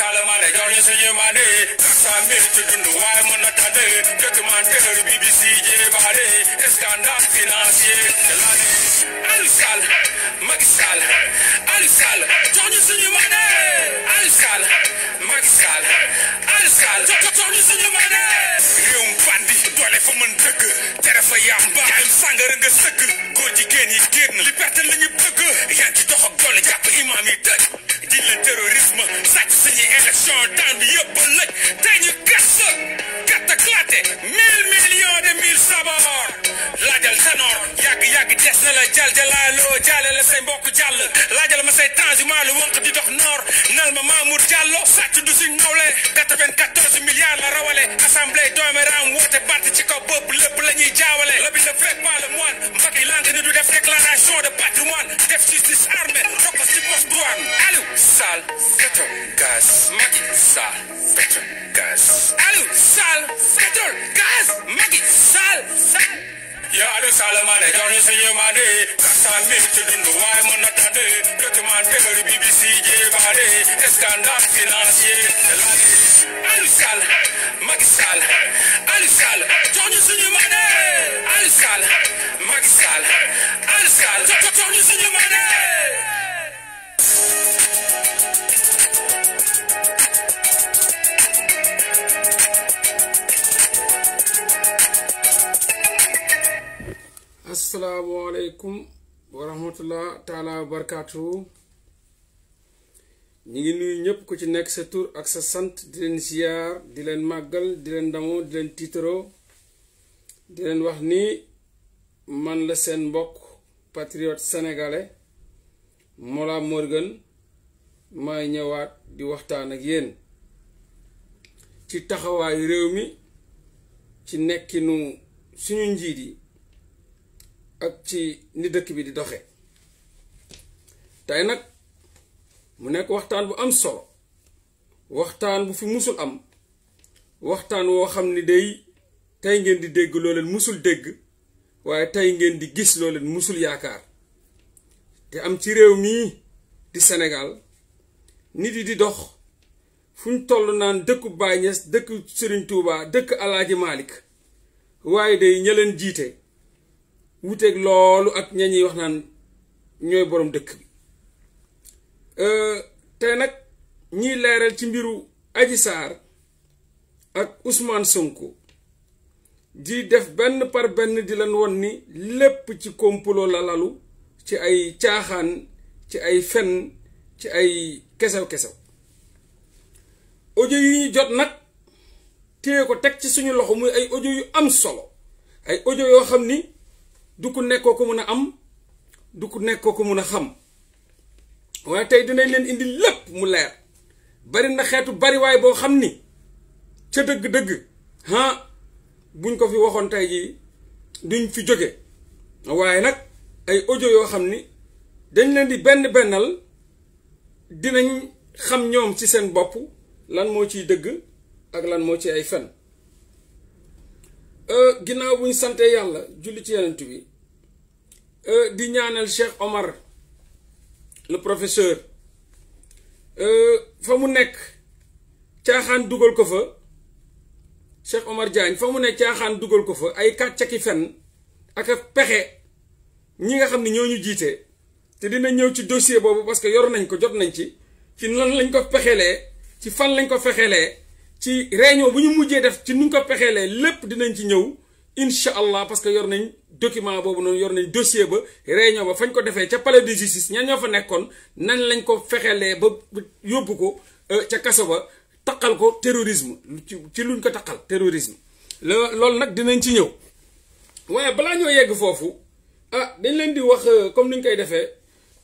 Solomon, don't listen to your money. That's I'm here to do you why, regardé, documentaire BBC, barré, scandale financier, l'année. Al Sal, Macky Al eh. Sall, jox ñu Al Sall, Macky Al Sall, jox ñu suñu mané. Eh. réewum bandi doole fa yàmba ay sàngara nga sëkk góor jigéen yi liberté la ñu terrorisme élection Hazreti Mil Milyoni Mir Sabah. laajal Sanor, Yag, Yag, des na la jal jalaaloo jaale la say mbok jàll lajal ma say transhumant le wonk di dox nor nal ma Mamour Diallo sàcc du sin nawle 94 milliards la rawale assemblée doome raam woote bàtt ci ko bopp lepp lañuy ñuy le lobi ne fait pas le moine mbaki Lang, ni du def déclaration de patrimoine def justice armée rokos ci poste douane Aliou Sall gas gaz Macky Sall gas allô sale, Sall gas gaz sale, sale. You're the money, Ya ada why? I'm Kasan mi tudun buwai monatade Dokuman tegori BBC yeah. je bade Eskandal finansiye telade Alusal, magisal, alusal Jani senyumane Alusal, magisal, alusal Jani senyumane asalaamaaleykum wa rahmatullah taala wa barakaatu ñu ngi nuyu ñëpp ku ci nekk sa tur ak sa sant di leen ziyaar di leen màggal di leen ndamoo di leen tiitaro di leen wax ni man la seen mbokk patriote sénégalais Mollah Morgun may ñëwaat di waxtaan ak yéen ci taxawaayu réew mi ci nekkinu suñu njiit yi ak ci ni dëkk bi di doxe tey nag mu nekk waxtaan bu am solo waxtaan bu fi musul am waxtaan woo xam ni day tey ngeen di dégg loo musul dégg waaye tey ngeen di gis loo musul yaakaar te am ci réew mii di senegal nit yi di dox fu ñu toll naan dëkku Baay Ñas dëkk Sëriñ Tuubaa dëkk Alaaji Maalik waaye day ña jiite wuteeg loolu ak ña ñuy wax naan ñooy boroom dëkk bi euh, te nag ñiy leeral ci mbiru Adji Sarr ak usmaan Sonko di def benn par benn di leen won ni lépp ci complot la lalu ci ay caaxaan ci ay fen ci ay kesew-kesew ojo yu ñu jot nag téye ko teg ci suñu loxo muy ay ojo yu am solo ay audio yoo xam ni du nekkoo ko mën a am du nekkoo ko mën a xam waaye tey dinañ leen indi lépp mu leer bari na xeetu waaye boo xam ni ca dëgg-dëgg ah buñ ko fi waxoon tey duñ fi jóge waaye nag ay audio yoo xam ni dañ leen di benn bennal dinañ xam ñoom ci seen bopp lan moo ciy dëgg ak lan moo ci ay fen euh, ginnaaw buñ sante yàlla julli ci yonent bi Euh, di ñaanal Cheikh Omar le professeur euh, fa mu nekk caaxaan dugal ko fa Cheikh Omar Diagne fa mu nekk caaxaan dugal ko fa ay kàccaki fen ak a pexe ñi nga xam ne ñoo ñu jiite te dina ñëw ci dossier boobu parce que yor nañ ko jot nañ ci ci nan lañ ko pexelee ci fan lañ ko fexelee ci réunion bu ñu mujjee def ci nuñ ko pexelee lépp dinañ ci ñëw insha allah parce que yor nañ document bobu non yor nañ dossier ba réunion ba fañ ko défé ci palais de justice ñan ñofa nekkon nan lañ ko fexelee ba yobbu ko euh, ci kasso ba takal ko terrorisme ci luñ ko takal terrorisme lool nak dinañ ci ñëw waaye balaa ñoo yegg fofu ah dañ leen di wax euh, comme niñ koy défé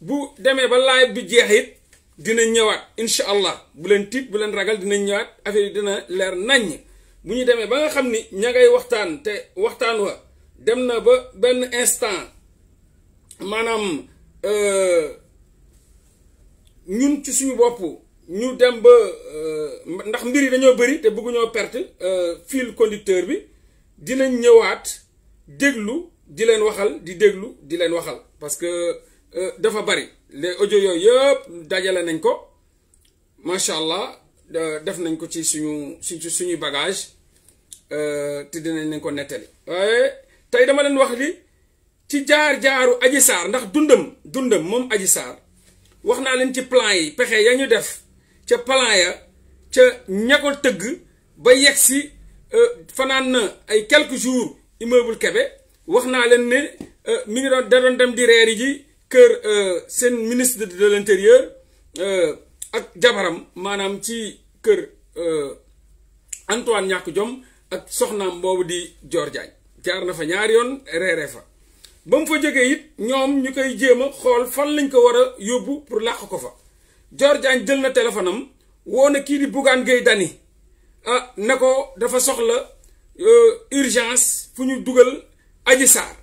bu démé ba live bi jeexit dinañ ñëwaat allah bu leen tiit bu leen ragal dinañ ñëwaat affaire dina lèr nañ buñu démé ba nga xamni ni ña ngay waxtaan te waxtaan wa dem na ba ben instant euh ñun ci suñu bop ñu dem ba euh, ndax mbir yi dañoo bëri te ñoo perte euh, fil conducteur bi dinañ ñëwaat déglu di leen waxal di déglu di leen waxal parce que euh, dafa bari les audio yoy yëpp dajale nañ ko machallah def nañ ko ci suñu ci suñu bagage Euh, te dinañ leen ko nettali waaye tey dama leen wax li ci jaar-jaaru aji saar ndax dundam dundam moom aji saar wax naa leen ci plan yi pexe ya ñu def ca plan ya ca ña tëgg ba yegg si euh, fanaan na ay quelques jours immeuble kebe wax naa leen ne euh, mi ngi doon da dem di reer ji kër seen ministre de l'intérieur ak jabaram maanaam ci kër Antoine ñàkk jom ak soxnaam boobu di Dior Diagne jaar na fa ñaari yoon reeree fa ba mu fa jógee it ñoom ñu koy jéem a xool fan lañ ko war a yóbbu pour làq ko fa Dior Diagne jël na téléphone am woo na kii di Bougane Gueye Dany ah ne ko dafa soxla euh, urgence fu ñu dugal Adji Sarr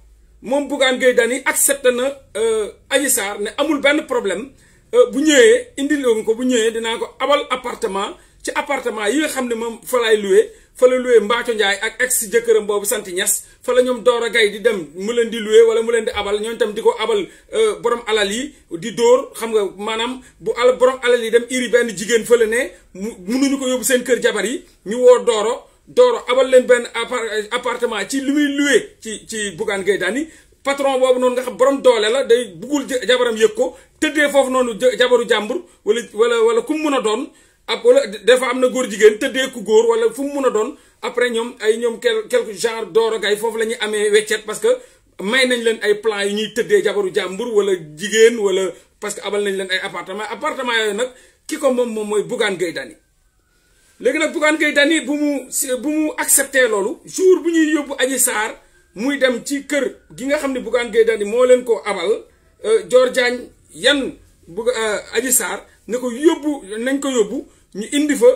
moom Bougane Gueye Dany accepté na euh, Adji Sarr ne amul benn problème euh, bu ñëwee indil ko bu ñëwee dinaa ko abal appartement ci appartement yi nga xam ne moom fa laay loué fa la loué Mbaaco Ndiaye ak ex jëkkëram boobu sant Niass fa la ñoom Doro Gaye di dem mu leen di loué wala mu leen di abal ñooñu tam di ko abal euh, borom alal yi di dóor xam nga maanaam bu al borom alal yi dem iri benn jigéen fa la ne mënuñu ko yóbbu seen kër jabar yi ñu woo dooro dooro abal leen benn appartement ci li muy loué ci ci Bougane Gueye Dany patron boobu noonu nga xam borom doole la day buggul jabaram yëg ko tëddee foofu noonu jabaru jàmbur wala wala wala ku mu a doon. ab wala des fois am na góor jigéen tëddee ku góor wala fu mu mun a doon après ñoom ay ñoom quelque genre Doro Gaye foofu la ñuy amee weccet parce may nañ leen ay plan yu ñuy tëddee jabaru jàmbur wala jigéen wala parce que abal nañ leen ay appartement appartement yooyu nag ki ko moom moom mooy Bougane Gueye Dany léegi nag Bougane Gueye Dany bu mu bu mu accepte loolu jour bu ñuy yóbbu Adji Sarr muy dem ci kër gi nga xam ne Bougane Gueye Dany moo leen ko abal euh, Dior Diagne yan bugg euh, Adji ne ko yóbbu nañ ko yóbbu ñu indi fa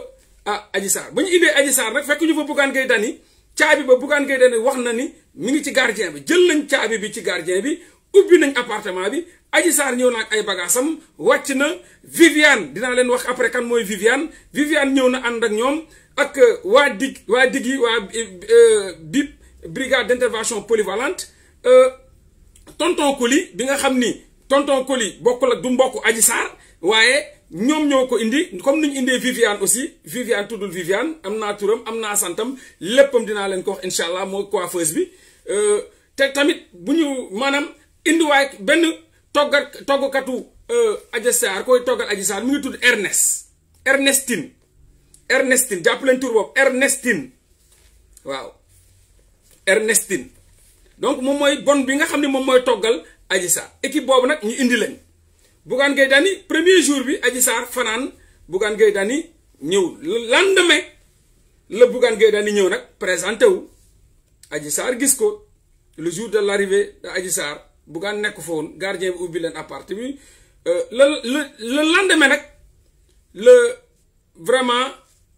ah Adji Sarr ba ñu indee Adji Sarr nag fekk ñu fa Bougane Gueye Dany caabi ba Bougane Gueye Dany wax na ni mi ngi ci gardien bi jël nañ caabi bi ci gardien bi ubbi nañ appartement bi Adji Sarr ñëw naa ak ay bagaasam wàcc na Viviane dinaa leen wax après kan mooy Viviane Viviane ñëw na ànd ak ñoom ak euh, waa dig waa dig yi waa euh, BIP brigade d'intervention polyvalente euh, tonton Coly bi nga xam ni tonton Coly bokkul ak du mbokk Adji ñoom ñoo ko indi comme ni ñu indee Viviane aussi Viviane tuddul Viviane am naa turam am naa santam léppam dinaa leen koo wax incha allah mooy coiffeuse bi euh, te tamit bu ñu maanaam indiwaay benn toggat toggkatu euh, Adji Sarr koy toggal Adji Sarr mi ngi tudd Ernest Ernestine Ernestine jàpp leen tur boobu Ernestine waaw Ernestine donc moom mooy bon bi nga xam ne moom mooy toggal Adji Sarr équipe boobu nag ñu indi leen. Bougane gaidani premier jour bi Adji Sarr fanaan Bougane Gueye le lendemain le Bougane gaidani Dany présente présenté wu Adji le jour de l'arrivée de Adji Bougane nekk gardien ou bilan appartement. Euh, le lendemain le vraiment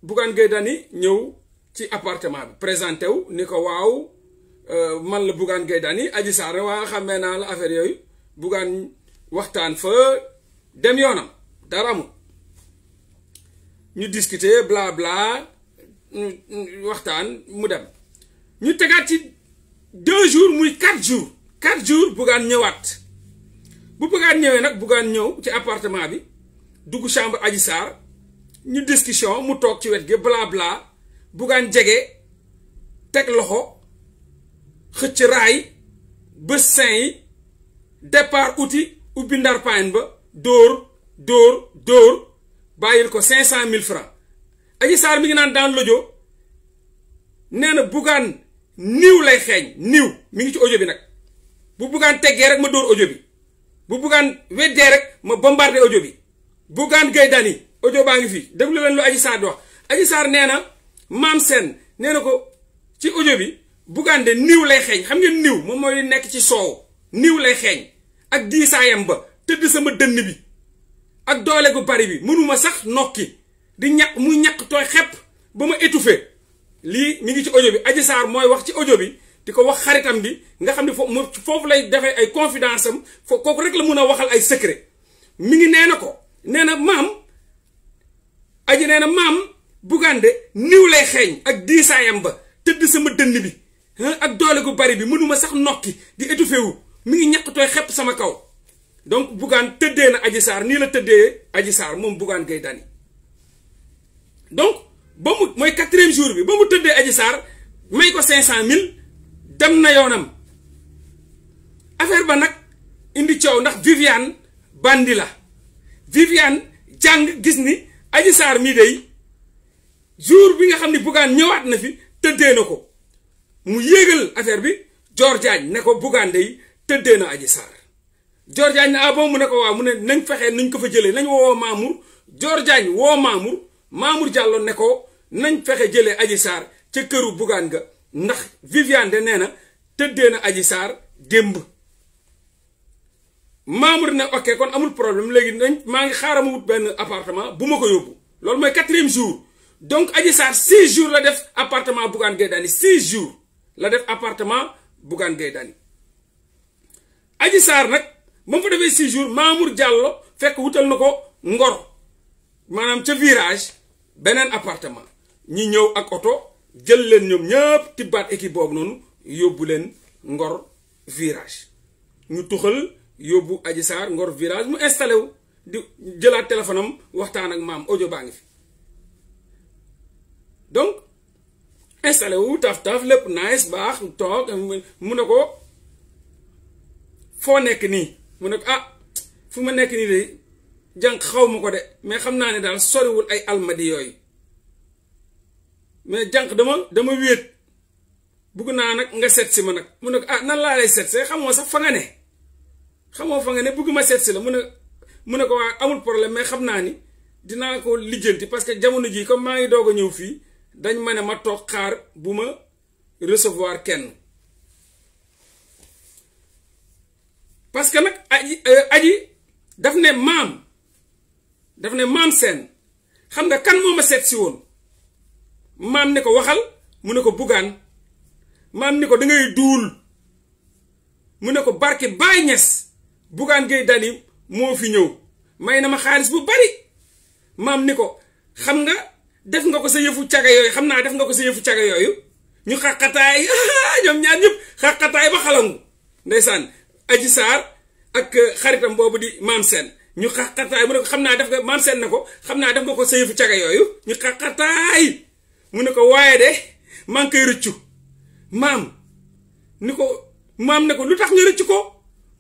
Bougane gaidani Dany appartement présente présenté wu ni ko waaw euh, man le Bougane Gueye Dany Adji Sarr waa xamee naa la affaire Bougane waxtaan fa dem yoonam dara amul ñu discuter bla bla waxtaan mu dem ñu tegaat ci deux jours muy quatre jours quatre jours buggaan ñëwaat bu buggaan ñëwee nag buggaan ñëw ci appartement bi dugg chambre Adji Sarr ñu discussion mu toog ci wet gi bla bla buggaan jege teg loxo xëcc raay bés saint yi départ outil ubbi ndar paañ ba dóor dóor dóor bàyyil ko cinq cent mille francs aji saar mi ngi naan daan lojo nee na buggaan niw lay xeeñ niw mi ngi ci audio bi nag bu buggaan teggee rek ma dóor audio bi bu buggaan weddee rek ma bombardé audio bi buggaan gay dani audio baa ngi fii déglu leen lu aji saar di wax aji saar nee na maam seen nee na ko ci audio bi buggaan de niw lay xeeñ xam ngeen niw moom mooy nekk ci soow niw lay xeeñ ak diisaayam ba tëdd sama dënn bi ak doole gu bari bi mënuma sax nokki di ñaq muy ñaq tooy xepp ba ma étouffé lii mi ngi ci audio bi Adji Sarr mooy wax ci audio bi di ko wax xaritam bi nga xam ne foofu lay defee ay confidence am foo kooku rek la mun a waxal ay secret mi ngi nee na ko nee na maam aji nee na maam bugande niw lay xeeñ ak diisaayam ba tëdd sama dënn bi ak doole gu bari bi mënuma sax nokki di étouffé wu mi ngi ñàkk tooy xepp sama kaw donc Bougane tëddee na Adji Sarr nii la tëddee Adji Sarr moom Bougane Gueye Dany donc ba mu mooy quatrième jour bi ba mu tëddee Adji may ko cinq cent mille dem na yoonam affaire ba nag indi coow ndax Viviane bandi la Viviane jàng gis ni Adji Sarr mii day jour bi nga xam ne Bougane ñëwaat na fi tëddee na ko mu yéegal affaire bi Dior Diagne ne ko Bougane day tëddee na aji Sarr jor Diagne ne ah mu ne ko waaw mu ne nañ fexee nañ ko fa jëlee nañ woo Mamour jor Diagne woo Mamour Mamour Diallo ne ko nañ fexe jëlee aji Sarr ca këru Bougane ga ndax Viviane de nee na tëddee na aji Sarr démb Mamour ne ok kon amul problème léegi nañ maa ngi xaaral ma wut benn appartement bu ma ko yóbbu loolu mooy quatrième jour donc Adji Sarr six jour la def appartement Bougane Gueye Dany six jours la def appartement Bougane Gueye Adji Sarr nag ba mu fa defee six jours Mamour Diallo fekk wutal na ko ngor maanaam ca virage beneen appartement ñi ñëw ak oto jël leen ñoom ñëpp tibbaat équipe boobu noonu yóbbu leen ngor virage ñu tuxal yóbbu aji Sarr ngor virage mu installé wu di jëlaat téléphone am waxtaan ak maam ojo baa ngi fi donc installé wu taf taf lépp nice baax toog mu ne ko. foo nekk nii mu ne ko ah fu ma nekk nii de jànq xaw ma ko de mais xam naa ne daal soriwul ay almadi yooyu mais janq dama dama wéet bugg naa nag nga seet si ma nag mu ne ko ah nan laa lay seet see xamoo sax fa nga ne xamoo fa nga ne bugg ma seet si la mu na mu ne ko waa amul problème mais xam naa ni dinaa ko lijjanti parce que jamono jii comme maa ngi doog a ñëw fii dañ ma ne ma toog xaar bu ma recevoir kenn parce que nak aji euh, aji daf ne mam daf ne mam sen xam nga kan moma ma ci won mam ne ko waxal mu ne ko bugan mam ne ko da ngay dul mu ne ko barki bay ñess bugan ngay dani mo fi ñew may na ma xaalis bu bari mam ne ko xam nga def nga ko sa yëfu ciaga yoy xam na def nga ko sa yëfu ciaga yoy ñu xaqataay ñom ñaar ñep xaqataay ba xalangu ndaysan aj saar ak euh, xaritam boobu di maam seen ñu xaxataay mu ne ko xam naa def nga maam seen na ko xam naa def ko ko sëyëfu caga yooyu ñu xaxataay mu ne ko waaye de maa ngi koy rëccu maam ni ko maam ne ko lu tax nga rëccu ko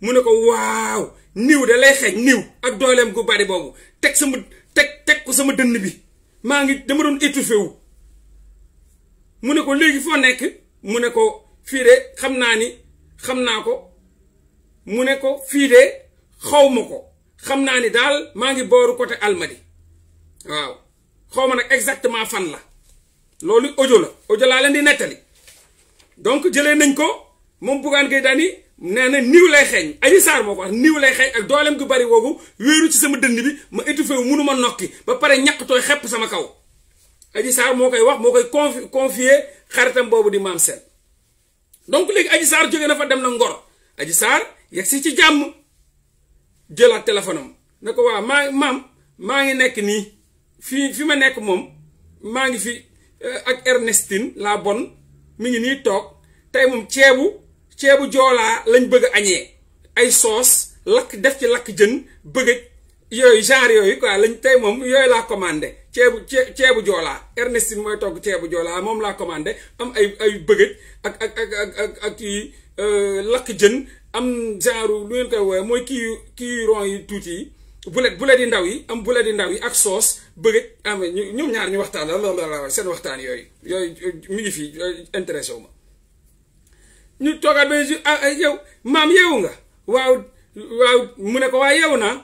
mu ne ko waaw niw da lay xeeñ niw ak dooleem gu bari boobu teg sama teg teg ko sama dënn bi maa ngi dama doon étouffé wu mu ne ko léegi foo nekk mu ne ko fii de xam naa ni xam naa ko Muneko fide ko fii de mangi ma ni dal maa ngi booru côté almadi waaw xawma nak exactement fan la lolou audio la audio la len di netali donc jele nagn ko mom Bougane gay dani nee na lay xegn Adji sar moko wax niiw lay xegn ak dolem gu bari wogu wéeru ci sama dënd bi ma étouffé wu ma nokki ba pare ñak toy xep sama kaw Adji sar moo wax moo confier xaritam bobu di mam seen donc léegi Adji sar jóge na fa dem na Ngor sar yegg si ci jàmm jëlaat téléphone am ne ko waa maa maam maa ngi nekk nii fii fi ma nekk moom maa ngi fi eh, ak Ernestine laa bonne mu ngi nii toog tey moom ceebu ceebu joolaa lañ bëgg a añee ay soos lakk def ci lakk jën bëgg yooyu genre yooyu quoi lañ tey moom yooyu laa commandé ceebu ceebu joolaa Ernestine mooy toog ceebu joolaa moom laa commandé am ay ay bëgg ak ak ak ak ak eh, lakk jën am genre lu ngeen koy woowee mooy kii kii ron yi tuuti yi bulet bulet yi ndaw yi am bulet yi ndaw yi ak soos bëgg am ñoom ñaar ñu waxtaan la loolu la seen waxtaan yooyu yooyu ngi fii intéressé wu ñu toogaat ba ah, yow maam yeewu nga waaw waaw mu ne ko waaye yeewu naa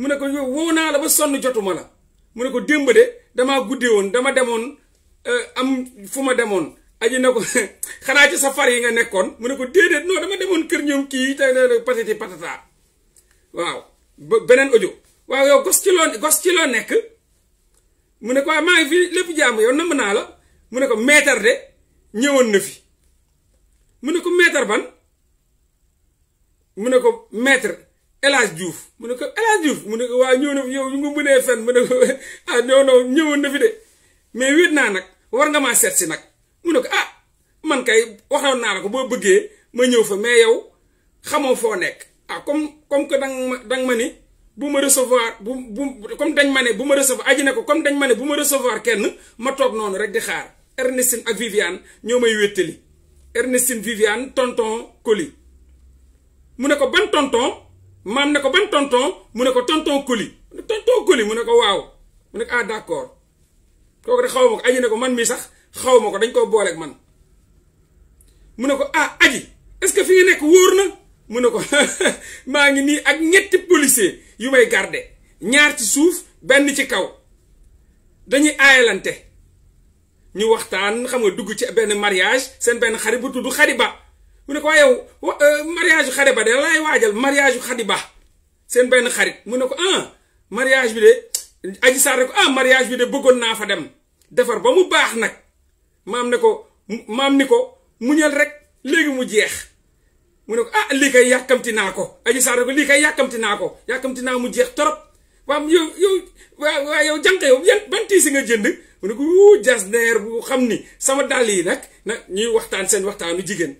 mu ne ko yow woo naa la ba sonn jotuma la mu ne ko démb damaa guddee woon dama demoon euh, am fu ma demoon aji na ko xanaa ci safar yi nga nekkoon mu ne ko déedéet non dama demoon kër ñoom kii te patati patata waaw beneen audio waaw yow gos ci loo ci loo nekk mu ne ko waaw ah, maa ngi fi lépp jàmm yow naa la mu ne ko meetar de ñëwoon na fi mu ne ko meetar ban mu ne ko maître El Hadj mu ne ko El Hadj mu ne ko waa ñëw na fi yow ñu nga mënee fen mu ne ko ah non na fi de mais wéet naa nag war nga maa seet si nag mu ne ko ah man kay waxoon naa la ko boo bëggee ma ñëw fa mais yow xamoo foo nekk ah comme comme que danga ma dang ma ni bu ma recevoir bu bu comme dañ ma ne bu ma recevoir aji ne ko comme dañ ma ne bu ma kenn ma noonu rek di xaar Ernestine ak Viviane ñoo may wéttali Ernestine Viviane tonton Coly mu ne ko ban tonton maam ne ko ban tonton mu ne ko tonton Coly tonton Coly mu ne ko waaw mu ne ko ah d'accord kooku rek xaw ma ko aji ne ko man mii sax xaw ma ko dañ koo booleeg man mu ne ko ah aji est que fi nga nekk wóor na mu ne ko maa ngi nii ak ñetti policier yu may garde ñaar ci suuf benn ci kaw dañuy aayalante ñu waxtaan xam nga dugg ci benn mariage seen benn xarit bu tudd xariba mu ne ko waaye yow euh, mariage yu xariba de laay waajal mariage yu xariba seen benn xarit mu ne ko ah mariage bi de aji saar ne ko ah mariage bi de bëggoon naa fa dem defar ba mu baax nag Mam ne ko mam ni ko muñal rek legi mu jeex mu ne ko ah li kay yakamti nako, ko aji sa rek li kay yakamti naa ko yàkkamti mu jeex torop wam yow yow wa yow jank yow yan ban tiisi nga jënd mu ne ko wuu bu xamni sama dal yi nak ñi waxtaan seen waxtaanu jigen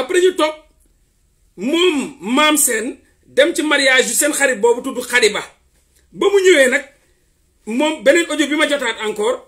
après ñu top, mom mam sen dem ci mariage yu seen xarit bobu tuddu khadiba ba mu ñëwé nak mom benen audio bima encore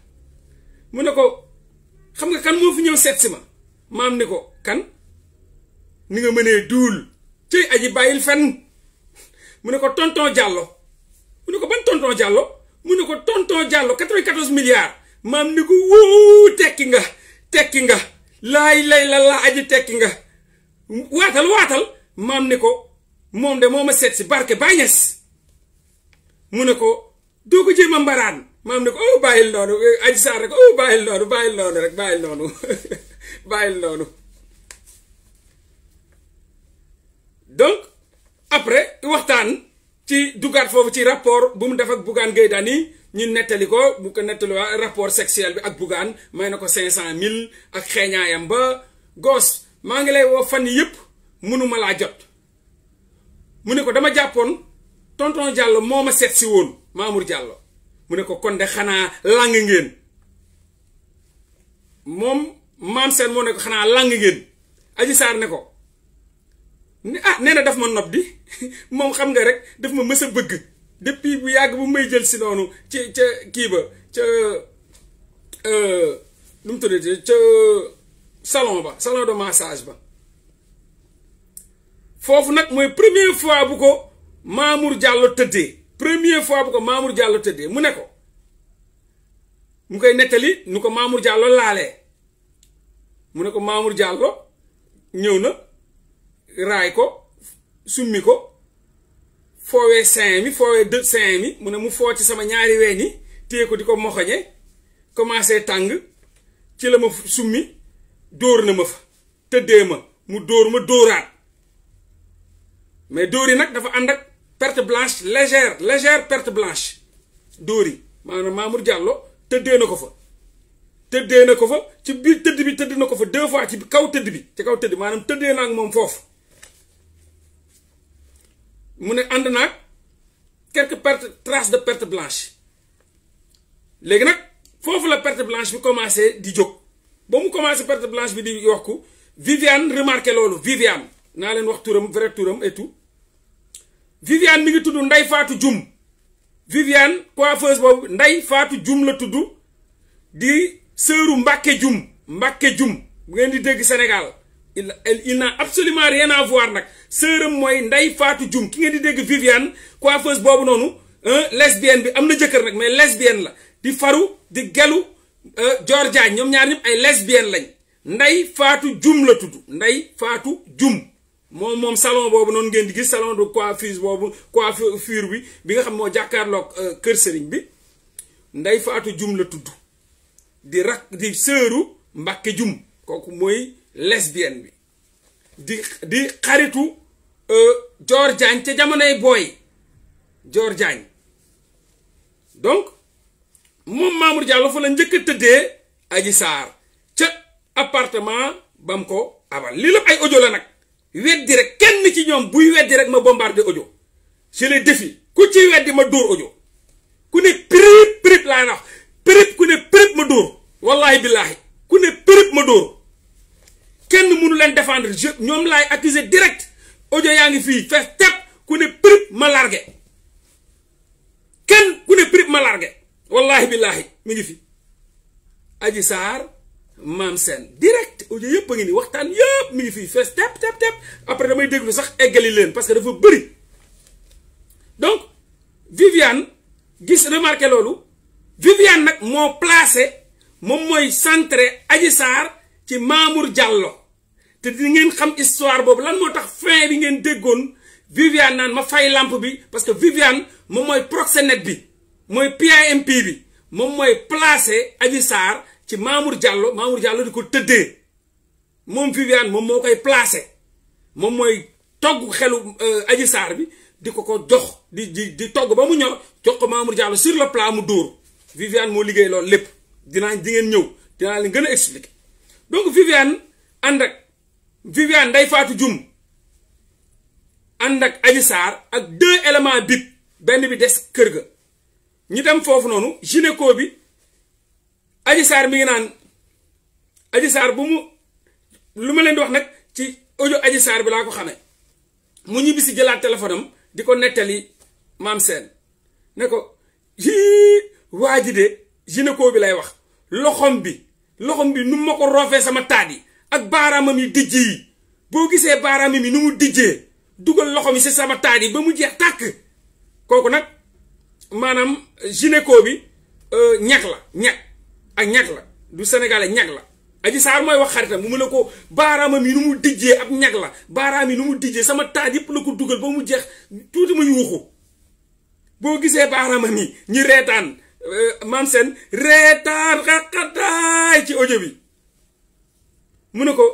mu ne ko xam nga kan moo fi ñëw seet ma maam ne ko kan ni nga mënee duul tey aji bàyyil fenn mu ne ko tonton Diallo mu ne ko ban tonton Diallo mu ne ko tonton Diallo 94 milliards maam ne ko wuu tekki nga tekki nga laay lay la la aji tekki nga waatal waatal maam ne ko moom de moo ma barke Bañes mu ne ko doo ko jéem maam nak oh bayil nonu aji sar rek oh bayil nonu bayil nonu rek bayil nonu bayil nonu donc après waxtan ci dugat fofu ci rapport bu mu def ak Bougane geydani ñu nettali ko bu ko netal wa rapport sexuel bi ak Bougane may nako 500000 ak xeeñaayam ba gos ma ngi lay wo fan yëpp mënuma laa jot mu ne ko dama japon tonton Diallo moma ma seet si Mamour Diallo mu ne ko kon de xanaa làng ngeen moom maam seen moo ne ko xanaa làng ngéen aji saar ne ko ah nee na daf ma nopp di moom xam nga rek daf ma mës a bëgg depuis bu yàgg bu may jël si noonu ci ca kii ba ca euh, nu mu tuddati ca salon ba salon de massage ba foofu nag mooy première fois bu ko Mamour Diallo tëddee première fois bu ko Mamour Diallo tëddee mu ne ko mu koy nettali nu ko Mamour Diallo laalee mu ne ko Mamour Diallo ñëw na raay ko summi ko foowee sein mi foowee dë sein mi mu ne mu foo ci sama ñaari ween yi téye ko di ko moxoñe commencé tàng ci la ma summi dóor na ma fa tëddee ma mu dóor ma dóoraat mais dóor yi nag dafa ànd ak perte blanche légère légère perte blanche Dori, manam Mamour Diallo te de ko fa tëddee de ko fa ci bi teud bi teud nako fa deux fois ci kaw teud bi ci kaw teud manam tëddee ak moom foofu mu quelque trace de perte blanche légui nak la perte blanche bi commencé di jóg ba commencez commencé perte blanche bi di wax Viviane remarqué l'eau Viviane n'a len wax touram vrai touram et tout Viviane mi ngi tudd Ndeye Fatou Dioum Viviane coiffeuse boobu nday faatu Dioum la tudd di sëru Mbacke Dioum Mbacke Dioum bu ngeen di dégg Sénégal il il n'a absolument rien à nag sëram mooy nday faatu jum ki ngeen di dégg Viviane coiffeuse boobu noonu lesbienne bi am na jëkkër nag mais lesbienne la di faru di gelu Georgia euh, ñoom ñaar ñëpp ay lesbienne lañ nday faatu Dioum la tudd Ndeye faatu Dioum moom moom salon boobu noonu ngeen di gis salon quoi coiffure boobu fiir bi bi nga xam moo jàkkaarloog euh, kër sëriñ bi Ndey Faatu Jum la tudd di rak di sëru Mbàkke Jum kooku mooy lesbienne bi di di xaritu euh, Joor Jaañ ca jamonoy booy Joor Jaañ donc moom Mamour Diallo fa la njëkk tëddee Adji Sarr ca appartement bam ko abal lii lépp ay audio la nag weddi rek kenn ci ñoom buy weddi rek ma bombardé audio je le défie ku ci weddi ma dóor audio ku ne prip prip laa na wax prip ku ne prip ma dóor wallahi billahi ku ne prip ma dóor kenn mënu leen défendre je ñoom laay accuser direct audio yaa ngi fi fees tepp ku ne prip ma largué kenn ku ne prip ma largué wallahi billahi mi ngi fi Adji Sarr Mame Sène direct audio oh, yëpp a ngi nii waxtaan step mi ngi fii fees tep tep tep après damay déglu sax eggali leen parce que dafa bëri donc Viviane gis remarqué loolu Viviane nag moo placé moom mooy centré Adji Sarr ci Mamour Diallo te di ngeen xam histoire boobu lan moo fin bi ngeen Vivian Viviane naan ma fay lampe bi parce que Viviane moom mooy proxénète bi mooy PIMP bi moom mooy placé Adji Sarr ci Mamour Diallo Mamour Diallo di ko tëddee moom Viviane moom moo koy placé moom mooy togg xelu euh, Adji Sarr bi di ko ko jox di di di togg ba mu ñor jox ko Mamour Diallo sur le plat mu dóor Viviane moo liggéey loolu lépp dinaa di ngeen ñëw dinaa leen gën a donc Viviane ànd ak Viviane Ndeye Fatou Dioum ànd ak Adji Sarr ak deux éléments bip benn bi des kër ga ñu dem foofu noonu gynéco bi Adji Sarr mi ngi naan Adji Sarr bu mu lu ma leen di wax nag ci ojo Adji Sarr bi laa ko xamee mu ñibbi si jëlaat téléphone di ko nettali maam seen ne ko yii waa ji de gynéco bi lay wax loxom bi loxom bi nu ma ko sama taat yi ak baaraamam yi dijj boo gisee baaraamam yi nu mu dijjee dugal loxom yi si sama taat yi ba mu jeex tàkk kooku nag maanaam gynéco bi euh, ñag la ñag ak ñag la du sénégalais ñag la aji saar mooy wax xaritam mu mu ne ko baaraamam yi nu mu dijjee ab ñag la baaraam yi nu mu dijjee sama taat yëpp la ko dugal ba mu jeex tuuti ma yuuxu boo gisee baaraamam yi ñu reetaan euh, maam seen reetaan xaqataay ci ojo bi mu ne ko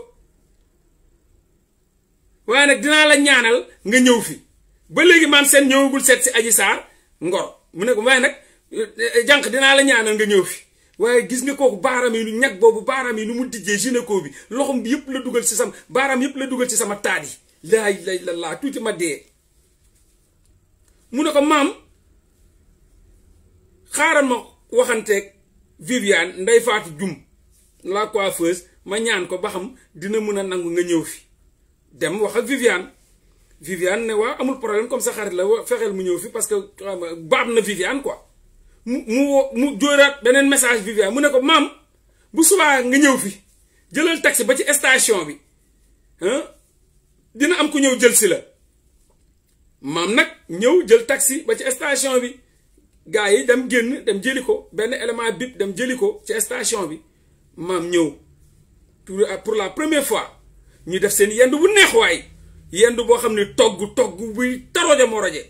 waaye nag dinaa la ñaanal nga ñëw fi ba léegi maam seen ñëwagul seet si aji saar ngor mu ne ko waaye nag euh, jànq dinaa la ñaanal nga ñëw fi waaye gis nga kooku baaraam yi nu ñag boobu baaraam yi nu mu tijjee gynéco bi loxom bi yëpp la dugal si sama baaram yëpp la dugal ci sama taat yi laa ilaha illallah tuuti ma dee mu ne ko maam xaaral ma waxanteeg Viviane Ndeye Fatou Dioum la coiffeuse ma ñaan ko ba xam dina mën a nangu nga ñëw fi dem wax ak Viviane Viviane ne waa amul problème comme sa xarit la fexeel mu ñëw fi parce que baab na Viviane quoi mu mu mu jóoraat beneen message bi Viviane mu ne ko maam bu subaa nga ñëw fi jëlal taxi ba ci station bi dina am ku ñëw jël si la maam nag ñëw jël taxi ba ci station bi gars yi dem génn dem jëli ko benn élément bip dem jëli ko ci station bi maam ñëw pour la première fois ñu def seen yenn bu neex waay yendu boo xam ne togg togg buy taroje moroje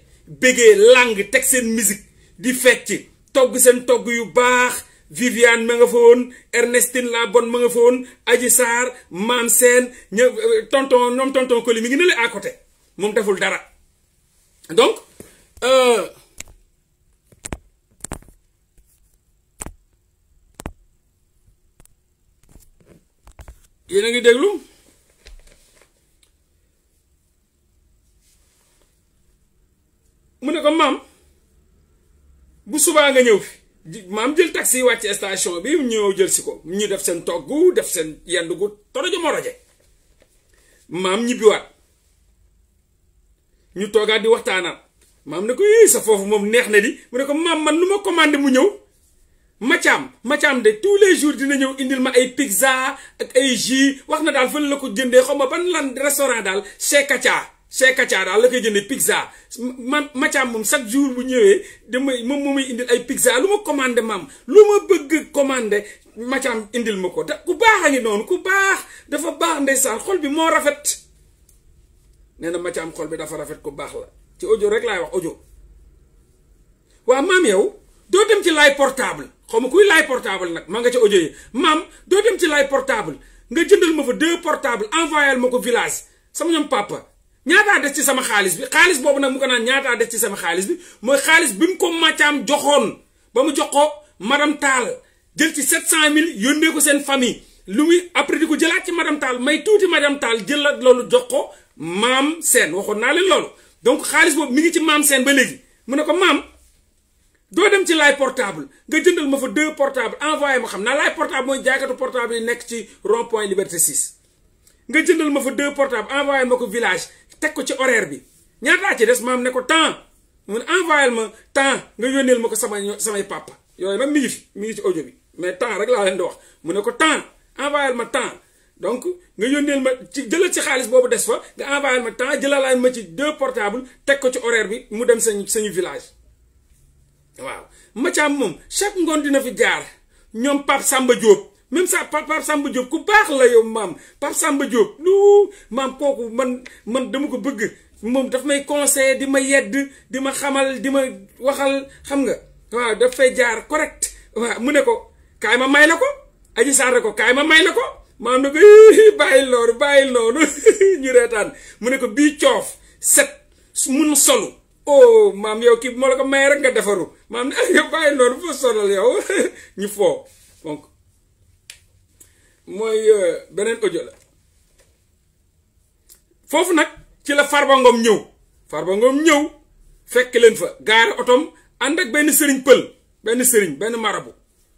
bégee langue teg seen musique di fecc togg seen togg yu baax Viviane ma nga fa woon Ernestine la bonne ma nga fa woon Adji Maam Seen ña tonton ñoom tonton Coly mi ngi ne la moom deful dara donc euh, yéen a ngi déglu mu ne ko maam bu subaa nga ñëw fi maam jël taxi wàcc station bi ñëw jël si ko ñu def seen togg def seen yendu gu torojo moroje maam ñibbiwaat ñu toogaat di waxtaanaat maam ne ko yii sa foofu moom neex na di mu ne ko maam man lu ma commandé mu ñëw macaam macaam de tous les jours dina ñëw indil ma ay pizza ak ay jus wax na daal fële la ko jëndee xaw ma ban lan restaurant daal chez Kacha chez Kachara la koy jëndee pizza man Mathiam moom chaque jour bu ñëwee damay moom moo may indi ay pizza lu ma commandé maam lu ma bëgg commandé Mathiam indil ma ko da ku baax a ngi noonu ku baax dafa baax ndeysaan xol bi moo rafet nee na Mathiam xol bi dafa rafet ku baax la ci ojo rek laay wax audio waa maam yow doo dem ci laay portable xaw ma kuy laay portable nag maa nga ci ojo yi maam doo dem ci laay portable nga jëndal ma fa deux portables envoyé ma ko village sama ñoom papa. ñaataa des ci sama xaalis bi xaalis boobu nag mu ko naan ñaataa des ci sama xaalis bi mooy xaalis bi mu ko màccaam joxoon ba mu jox ko madame Tall jël ci 700000 yónnee ko seen famille lu muy après di ko jëlaat ci madame Tall may tuuti madame Tall jël la loolu jox ko maam seen waxoon naa leen loolu. donc xaalis boobu mi ngi ci maam seen ba léegi mu ne ko maam doo dem ci laay portable nga jëndal ma fa deux portable envoyé ma xam naa laay portable mooy jaaykatu portable nekk ci rond point liberté 6. nga jëndal ma fa deux portables envoyé ma ko village teg ko ci horaire bi ñaataa ci des maam ne ko temps mun envoyé ma temps nga yónneel ma ko samay samay papa yooyu nag mi ngi fi mi ngi ci ojo bi mais temps rek laa leen di wax mu ne ko temps envoyé ma temps donc nga yónneel ma ci jëlal ci xaalis boobu des fa nga envoyé ma temps jëlalaay ma ci deux portables teg ko ci horaire bi mu dem sañ sañu village waaw Mathiam moom chaque ngoon dina fi jaar ñoom Pape Samba Diop. même ça Pape Pape Samba Diop ku mam, la yow mam par Samba Diop lu mam kooku man man dama ko bëgg mom daf may conseiller di ma yedd di ma xamal di ma waxal xam nga wa daf fay jaar correct wa mu ne ko kay ma may la ko aji saar ko kay ma may la ko mam ne ko bàyyi loolu bàyyi ñu mu ko bi set mun solo oh mam yow ki mo la ko may rek nga defaru mam ne nga bay lor fo solo yow ñu fo donc mooy euh, beneen audio la foofu nag ci la Farba ñëw Farba Ngom ñëw fekk leen fa gaare otom ànd ak benn sëriñ pël benn sëriñ benn marabu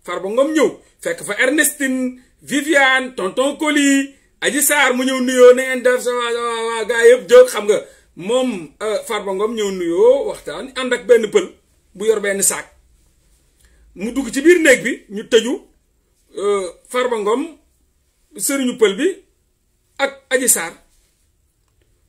Farba Ngom ñëw fekk fa Ernestine Viviane tonton Coly Adji Sarr mu ñëw nuyoo na ngeen def sa waa waa gaa yëpp jóg xam nga moom euh, Farba ñëw nuyoo waxtaan ànd ak benn pël bu yor benn saak mu dugg ci biir néeg bi ñu tëju euh, Farba Ngom sëriñu pël bi ak aji saar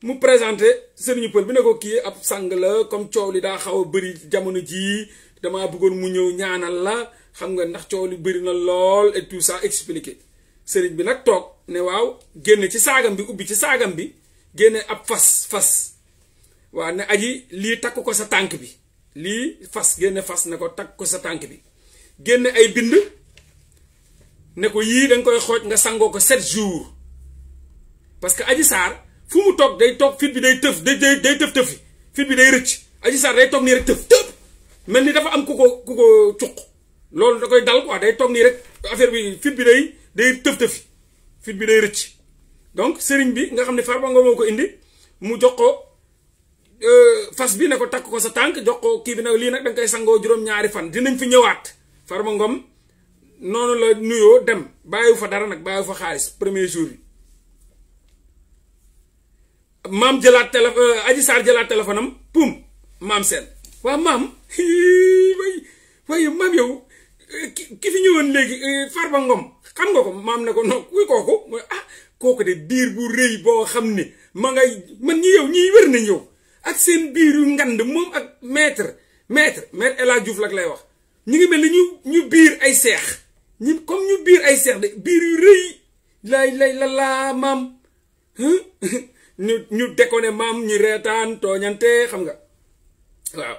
mu présenté sëriñu pël bi ne ko kii ab sang la comme coow li daa xaw a bëri jamono jii damaa bëggoon mu ñëw ñaanal la xam nga ndax coow li bëri na lool et tout ça expliqué sëriñ bi nag toog ne waaw génn ci saagam bi ubbi ci saagam bi génne ab fas fas waa ne aji lii takk ko sa tànk bi lii fas génne fas ne ko takk ko sa tànk bi génne ay bind ne ko yii da koy xooj nga sangoo ko sept jour parce que Adji Sarr fu mu toog day toog fit bi day tëf day day tëf tëfi fit bi day rëcc Adji Sarr day toog mel ni dafa am ku ko ku ko cuq loolu da koy dal quoi day rek affaire bi fit bi day day tëf tëfi bi day rëcc donc sëriñ bi nga xam ne Farba Ngom moo ko indi mu jox ko euh, fas bi ne ko takk ko sa tànk jox ko kii bi ne lii nag da koy sangoo juróom-ñaari fan dinañ fi ñëwaat Farba Ngom noonu la nuyoo dem bàyyiwu fa dara nag bàyyiwu fa xaalis premier jour yi maam jëlaat téléphone euh, aji saar jëlaat téléphone am pum maam seen waa maam way waaye maam yow euh, ki fi ñëwoon léegi euh, Farba Ngom xam nga ko maam ne ko non kuy kooku mooy ah kooku de biir bu rëy boo xam ne ma ngay man ñi yow ñiy wér nañ yow ak seen biir yu ngand moom ak maître maître maître El Hadj Diouf lak lay wax ñu ngi mel ni ñu ñu biir ay seex ñi comme ñu biir ay seex de biir yu rëy lay lay la laa maam ñu ñu déconné maam ñu reetaan tooñante xam nga waaw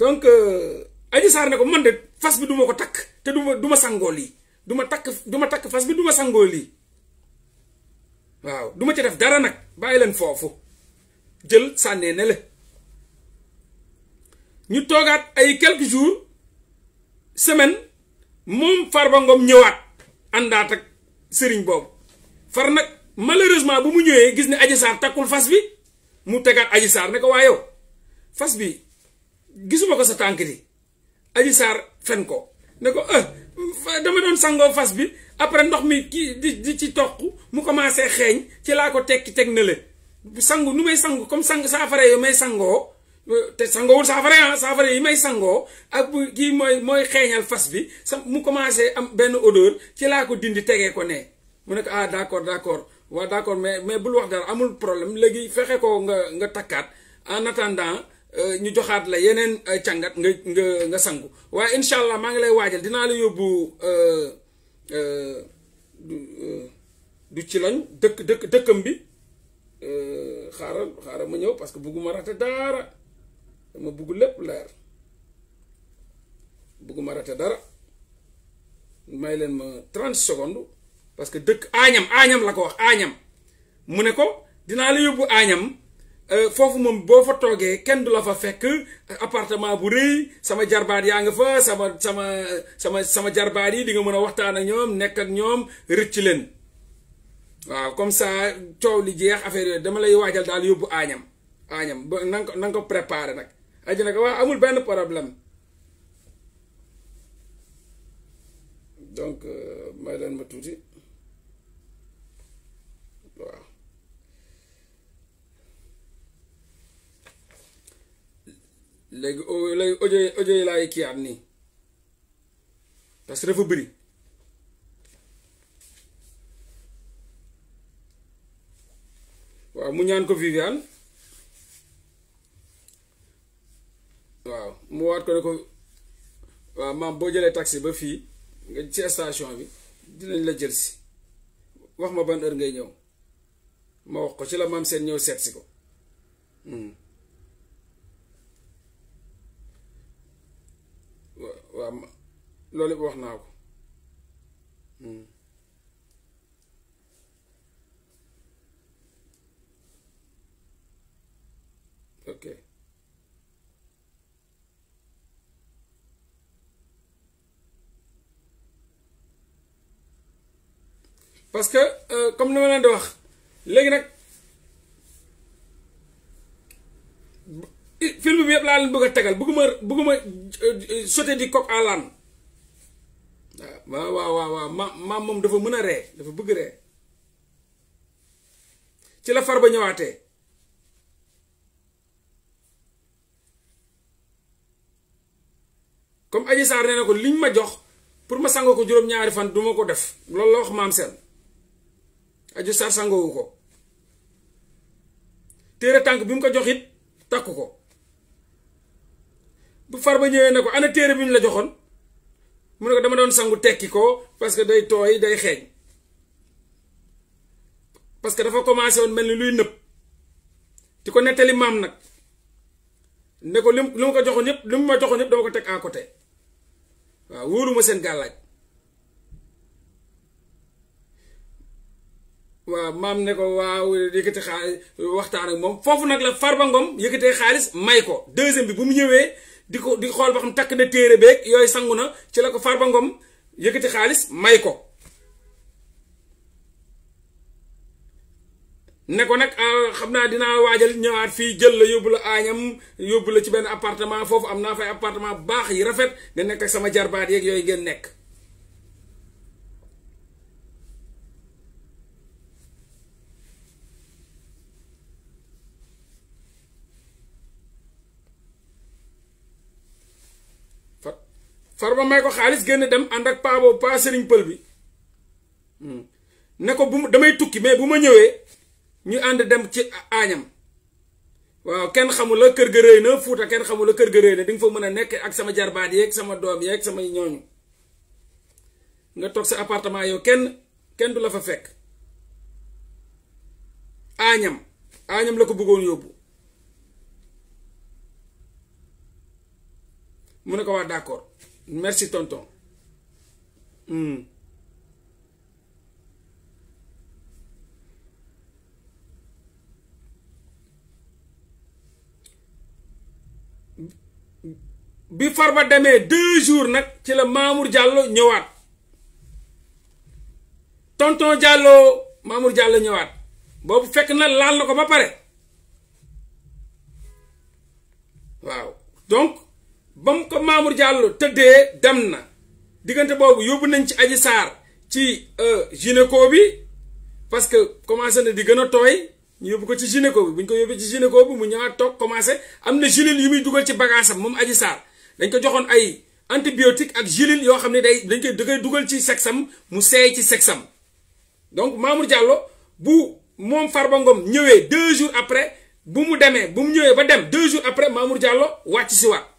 donc euh, Adji Sarr ne ko man de fas bi duma ko takk te duma duma sangoo lii duma takk duma takk fas bi duma sangoo lii waaw duma ci def dara nag bàyyi leen foofu jël sànnee ne ñu toogaat ay quelques jours semaine moom ba ngoom ñëwaat àndaat ak sëriñ boobu far nag maleureusement bu mu ñëwee gis ni Adji Sarr takkul fas bi mu tegaat Adji Sarr ne ko waa yow fas bi gisuma ko sa tànk di Adji Sarr fen ko ne ko eh, dama doon sangoo fas bi après ndox mi ki di ci toq mu commencé xeeñ ci laa ko tekki teg na le sangu nu may sangu comme sang saafara yo may sangoo te sango wul ah saafara yi may sango ak gi moy moy xéñal fas bi mu commencé am ben odeur ci la ko dindi tegee ko né mu nek ah d'accord d'accord wa d'accord waaw mais mais bul wax dara amul problème légui fexé ko nga nga takkat en attendant euh, ñu joxat la yenen ciangat nga nga nga sangu wa inshallah ma ngi lay waajal dina la euh, euh, euh du ci lañ deuk deuk dëkkam bi xaaral xaaral ma ñew parce que bugguma rata dara dama bugg lépp leer bugguma rate dara may leen ma trente secondes parce que dëkk aañam aañam la ko wax aañam mu ne ko dinaa la yóbbu aañam euh, foofu moom boo fa toogee kenn du la fa fekk appartement bu rëy sama jarbaat yaa nga fa sama sama sama sama jarbaat yi di nga mën a waxtaan ak ñoom nekk ak ñoom rëcc leen waaw comme ça coow li jeex affaire yooyu dama lay waajal daal yóbbu aañam aañam ba ko na nga ko préparé nag aji na ko waaw amul benn problème donc euh, may leen ma tuuti waaw léegi léegi audio audio yi laay kii nii parce dafa bëri waaw mu ñaan ko Viviane waaw mu waat ko ne ko waaw maam boo jëlee taxi ba fii nga ci station bi dinañ la jël si wax ma ban heure ngay ñëw ma wax ko ci la maam seen ñëw seet si ko hmm. waaw loolu wax naa ko hmm. okay. parce que euh, comme ni ma leen di wax léegi nag film bi yëpp laa leen bëgg a tegal bëgguma bëgguma euh, euh, sauter di coq à l'âne waaw waaw waaw waaw ma maam moom dafa mën a ree dafa bëgg ree ci la Farba ñëwaatee comme Adji Sarr nee ko liñ ma jox pour ma sangoo ko juróom-ñaari fan du ko def loolu la wax maam seen aju sar sangowu ko téere tànk bi mu ko jox it takk ko bu far ba ñëwee ne ko ana téere bi ñu la joxoon mun ne ko dama doon sangu tekki ko parce que day tooy day xeeñ parce que dafa commencé woon mel ni luy nëb di ko nettali maam nag ne ko li mu ko joxoon yëpp li ma joxoon yëpp dama ko teg à côté waaw wóoruma seen gàllaaj waaw maam ne ko waaw yëkkati xaalis waxtaan ak moom foofu nag la Farba Ngom yëkkatee xaalis may ko deuxième bi bu mu ñëwee di ko di xool ba xam takk na téere beeg yooyu sangu na ci la ko Farba Ngom yëkkati xaalis may ko ne ko nag ah, xam naa dinaa waajal ñëwaat fii jël la yóbbu la aañam yóbbu la ci benn appartement foofu am naa fay appartement baax yi rafet nga nekk ak sama jarbaat yeeg yooyu gën nekk farba may ko xaliss genn dem and ak paabo pa serigne peul bi hmm. ne ko bu damay tukki mais buma ñewé ñu and dem ci añam waaw kenn xamul la kër ga rëy na fuuta kenn xamul la kër ga rëy na di fa mëna nekk ak sama jarbaat yeeg sama doom yeeg sama ñooñu nga tok sa appartement yow kenn kenn du la fa fekk añam añam la ko bëggoon yobbu mu ne ko waa d'accord Merci, tonton. Mm. bi Farba deux jours nak ci le Mamour Diallo ñëwaat tonton Diallo Mamour Diallo ñëwaat bobu fekk na laal na ko ba paré waaw donc ba mu ko Mamour Diallo tëddee dem na diggante boobu yóbbu nañ ci Adji Sarr ci euh, gynéco bi parce que commencé na di gën a tooy ñu yóbbu ko ci gynéco bi bu ñu ko yóbbee ci gynéco bi mu ñëwaat toog commencé am na gélule yu muy dugal ci bagaasam moom Adji Sarr dañ ko joxoon ay antibiotique ak gélule yoo xam ne day dañ koy da dugal ci sexam mu seey ci sexam donc Mamour Diallo bu moom far Farba Ngom ñëwee deux jours après bu mu demee bu mu ñëwee ba dem deux jours après Mamour Diallo wàcc si waat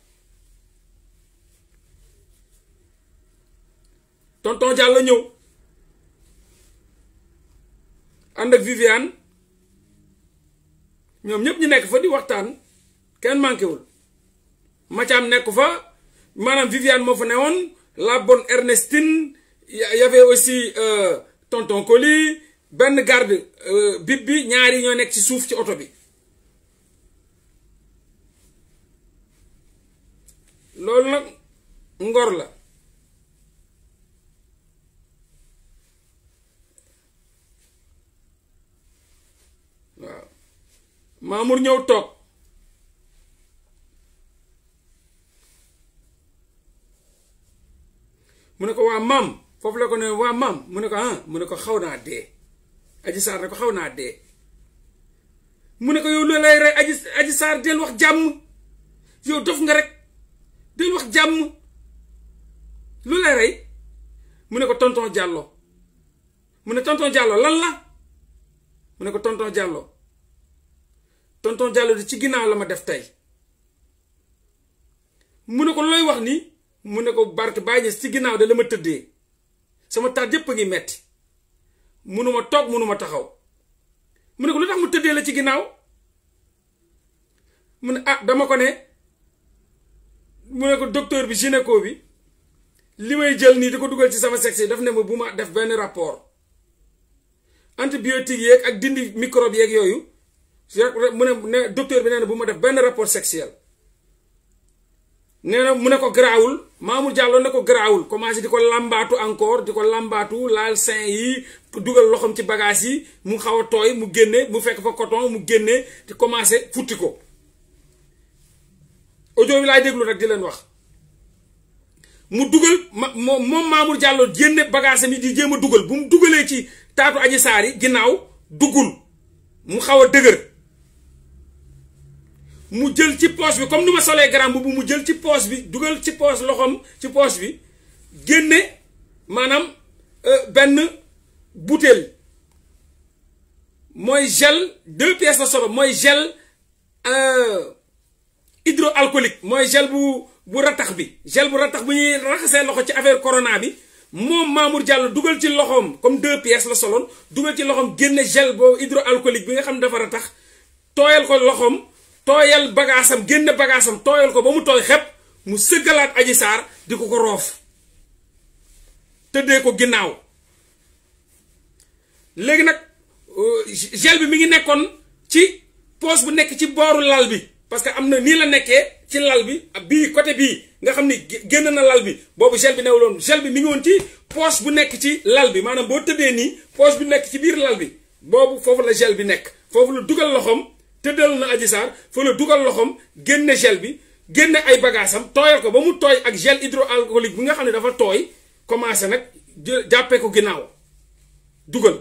tonton la ñëw ànd ak Viviane ñoom ñëpp ñu nekk fa di waxtaan kenn manqué wul Mathiam nekk fa maanaam Viviane moo fa newoon la bonne Ernestine y avait aussi euh, tonton Coly benn garde euh, bib bi ñaari ñoo nekk ci suuf ci oto bi loolu nag ngor la. Mamour ñëw toog mu ne ko waa maam foofu la ko ne waa maam mu ne ko ah mu ne ko xaw naa dee aji ne ko xaw naa dee mu ne ko yow loolu lay rey aji aji saar del wax jàmm yow dof nga rek del wax jàmm lu lay rey mu ne ko tonton jàlloo mu ne tonton Diallo lan la mu ne ko tonton Diallo tonton Diallo di ci ginaaw lama def tay mune ko loy wax ni mune ko barke ci ginaaw da lama sama taat yépp a ngi metti munuma toog munuma taxaw mune ko lutax mu tëddee la ci ginaaw mune ah dama ko ne mune ko docteur bi gynéco bi limay jël ni diko duggal ci sama sexe daf ne mo buma def ben rapport antibiotique yek ak dindi microbe yek yoyu mu ne ne docteur bi nee na bu ma def benn rapport sexuel nee na mu ne ko garaawul Mamour jàlloo ne ko garaawul commencé di ko làmbaatu encore di ko làmbaatu laal sein yi dugal loxoom ci bagaas yi mu xaw a tooy mu génne mu fekk fa coton mu génne di commencé futti ko audio bi laay déglu rek di leen wax mu dugal ma moom Mamour Diallo génne bagage mi di jéem a dugal bu mu dugalee ci taatu aji saar ginnaaw duggul mu xaw a dëgër mu jël ci poche bi comme ni ma solee grand bu mu jël ci poche bi dugal ci poche loxom ci poche bi génne maanaam euh, benn bouteille mooy gel deux pièces de sobe mooy gel euh, hydroalcoolique mooy gel bu bu ratax bi gel bu ratax bu ñuy raxasee loxo ci affaire corona bi moom Mamour Diallo dugal ci loxoom comme deux pièces la soloon dugal ci loxoom génne gel boobu hydroalcoolique bi nga xam dafa ratax tooyal ko loxoom tooyal bagaasam génne bagaasam tooyal ko ba mu tooy xepp mu sëggalaat aji saar di ko ko roof tëddee ko ginnaaw léegi nag euh, gel bi mi ngi nekkoon ci poos bu nekk ci booru lal bi parce que am na nii la nekkee ci lal bi bii côté bii nga xam ni génn na lal bi boobu gel bi newuloon gel bi mi ngi woon ci poos bu nekk ci lal bi maanaam boo tëddee nii poos bu nekk ci biir lal bi boobu foofu la gel bi nekk foofu la dugal loxoom tëddal na aji Sarr fa la dugal loxoom génne gel bi génne ay bagaasam tooyal ko ba mu tooy ak gel hydroalcoolique bi nga xam ne dafa tooy commencé nag jë jàppee ko ginnaaw dugal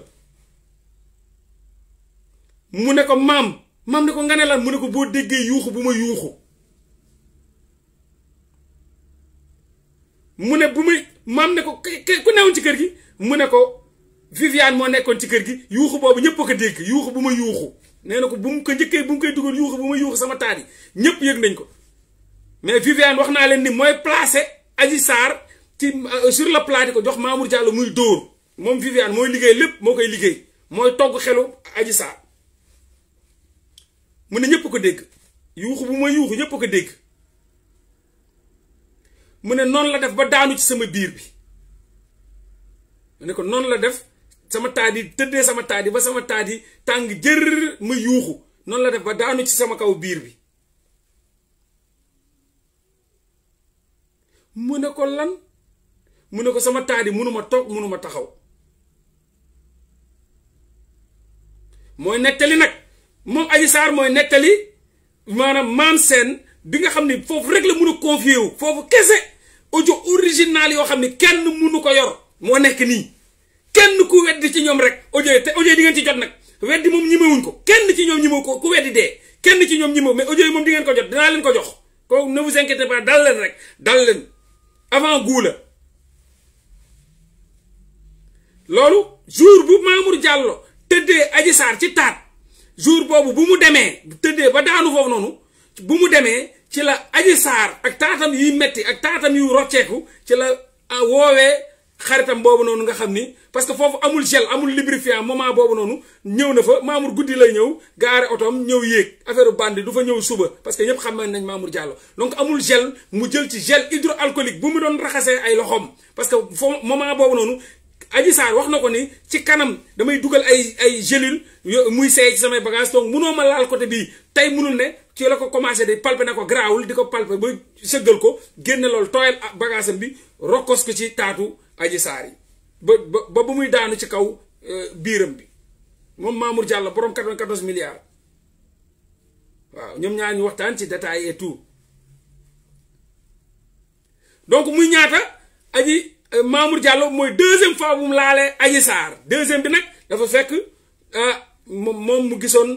mu ne ko maam maam ne ko nga ne la mu ne ko boo déggee yuuxu bu ma yuuxu mu ne bu may maam ne ko ku newoon ci kër gi mu ne ko Viviane moo nekkoon ci kër gi yuuxu boobu ñëpp a ko dégg yuuxu bu ma yuuxu nee na ko bu mu ko njëkkee bu mu koy dugal yuuxu bu ma yuuxu sama taat yi ñëpp yëg nañ ko mais Viviane wax naa leen ni mooy placé aji Sarr ci euh, sur le plat di ko jox Mamour Diallo muy dóor moom Viviane mooy liggéey lépp moo koy liggéey mooy togg xelu Adji Sarr mu ne ñëpp ko dégg yuuxu bu ma yuuxu ñëpp ko dégg mu ne noonu la def ba daanu ci sama biir bi mu ne ko noonu la def. sama taat yi tëddee sama taat yi ba sama taat tàng jër ma yuuxu noonu la def ba daanu ci sama kaw biir bi mu ne ko lan mu ne ko sama taat yi munuma toog munuma taxaw mooy nettali nag moom Adji Sarr mooy nettali maanaam maam seen bi nga xam ne foofu rek la mun a wu foofu kese audio original yoo xam ne kenn munu ko yor moo nekk nii kenn ku weddi ci ñoom rek audio te audio di ngeen ci jot nag weddi moom ñimewuñ ko kenn ci ñoom ñimewu ko ku weddi dee kenn ci ñoom ñimewu mais audio yi moom di ngeen ko jot dinaa leen ko jox kooku ne vous inquiétez pas dal leen rek dal leen avant guu loolu jour bu Mamour Diallo tëddee Adji Sarr ci taat jour boobu bu mu demee tëddee ba daanu foofu noonu bu mu demee ci la Adji Sarr ak taatam yuy metti ak taatam yu rocceeku ci la euh, woowee xaritam boobu noonu nga xam ni parce que foofu amul gel amul lubrifiant moment boobu noonu ñëw na fa Mamour guddi la ñëw gaare otoom ñëw yéeg affaire bandi du fa ñëw suba parce que ñëpp xam nañ Mamour Diallo donc amul gel mu jël ci gel hydroalcoolique bu mu doon raxasee ay loxoom parce que foo moment boobu noonu Adji Sarr wax na ko ni ci kanam damay dugal ay ay gélule muy seey ci samay bagage donc munoo ma laal côté bii tey munul ne ci la ko commencé di palpe na ko garaawul di ko palpe ba sëggal ko génne loolu tooyal bagage bi rokkos ko ci taatu aji saar yi ba ba ba muy daanu ci kaw euh, biiram bi moom Mamour Diallo borom 94 milliards waaw ñoom ñaar ñu waxtaan ci détail et tout donc muy ñaata aji euh, Mamour Diallo mooy deuxième fois bu mu laalee aji saar deuxième bi nag dafa fekk euh, moom mu gisoon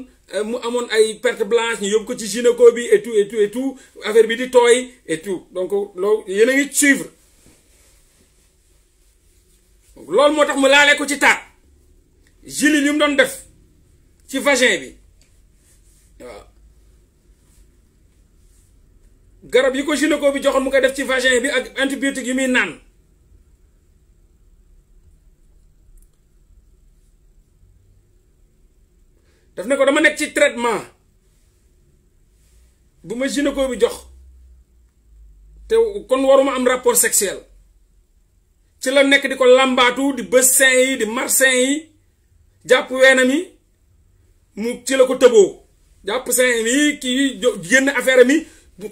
mu amoon ay perte blanche ñu yóbbu ko ci gynéco bi et tout et affaire bi di tooy et tout donc loolu yéen ngi suivre. Lol motax mu lalé ko ci taat jili ñum doon def ci vagin bi garab yi ko ko bi joxon mu ko def ci vagin bi ak antibiotique yi mi nan daf ne ko dama nek ci traitement buma ma ko bi jox te kon waruma am rapport sexuel ci la nekk di ko làmbaatu di bës sen yi di mar sen yi jàpp weenam yi mu ci la ko tëboo jàpp sen yi kii génn affaire mi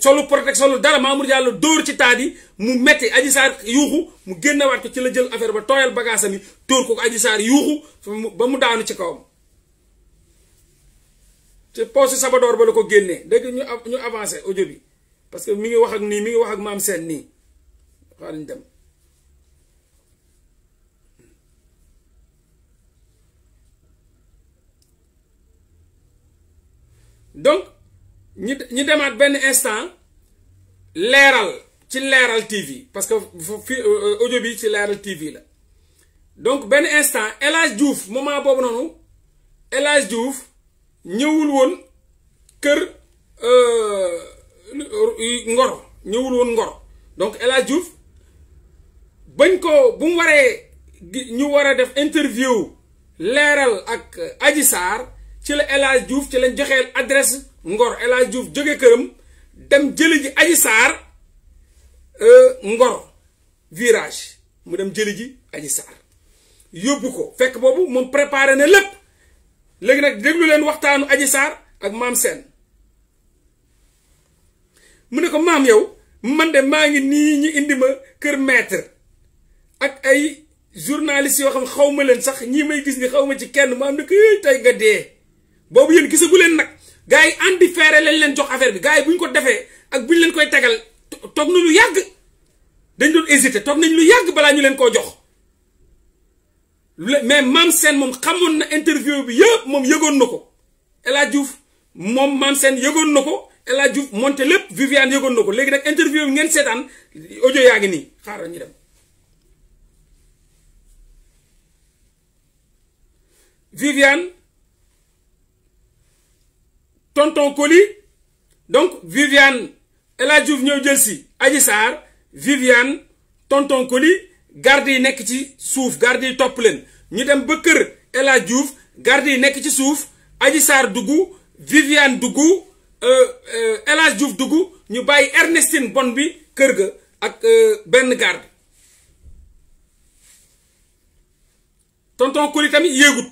solu protection lu dara Mamour Diallo dóor ci taat yi mu metti Adji Sarr yuuxu mu génnewaat ko ci la jël affaire ba tooyal bagaasam yi dóor ko ko Adji Sarr yuuxu ba mu daanu ci kaw kawam ci poosu Sabadoor ba la ko génnee dégg ñu ñu avancé audio bi parce que mi ngi wax ak nii mi ngi wax ak maam seen nii xaaral ñu dem donc ñu demaat benn instant leeral ci leeral TV parce que fi euh, euh, audio bi ci leeral TV la donc benn instant El Hadj Diouf moment boobu noonu El Hadj Diouf ñëwul woon kër euh, Ngor ñëwul woon Ngor donc El Hadj bañ ko bu mu waree ñu war a def interview leeral ak aji saar ci la El Hadj ci lañ joxeel adresse Ngor El Hadj Diouf jóge këram dem jëli ji Adji Sarr euh, Ngor virage mu dem jëli ji Adji Sarr yóbbu ko fekk boobu moom préparé na lépp léegi nag déglu leen waxtaanu aji Sarr ak maam seen mu ne ko maam yow man de maa ngi nii ñu indi ma kër maître ak ay journalistes yoo xam xaw ma leen sax ñii may gis ni xaw ma ci kenn mu am ne ko eh, tey nga dee boobu yéen gisagu leen nag gars yi andi feere lañ leen jox affaire bi gars yi bu ñu ko defee ak bu ñu leen koy tagal toog na lu yàgg dañ doon hésité toog nañ lu yàgg balaa ñu leen koo jox mais Mame Sène moom xamoon na interview bi yëpp moom yëgoon na ko El Hadj Diouf moom Mame Sène yëgoon na ko El Hadj Diouf monté lépp Viviane yëgoon na ko léegi nag interview bi ngeen seetaan audio yaa ngi nii xaaral ñu dem. Viviane. tonton Koli, donc Viviane elle a Diouf venir jël si Viviane tonton Koli, gardez nekiti souf, ci gardez garde top topp nous ñu dem Viviane Dougou, elle euh, euh, Ernestine Bonbi bi à euh, tonton y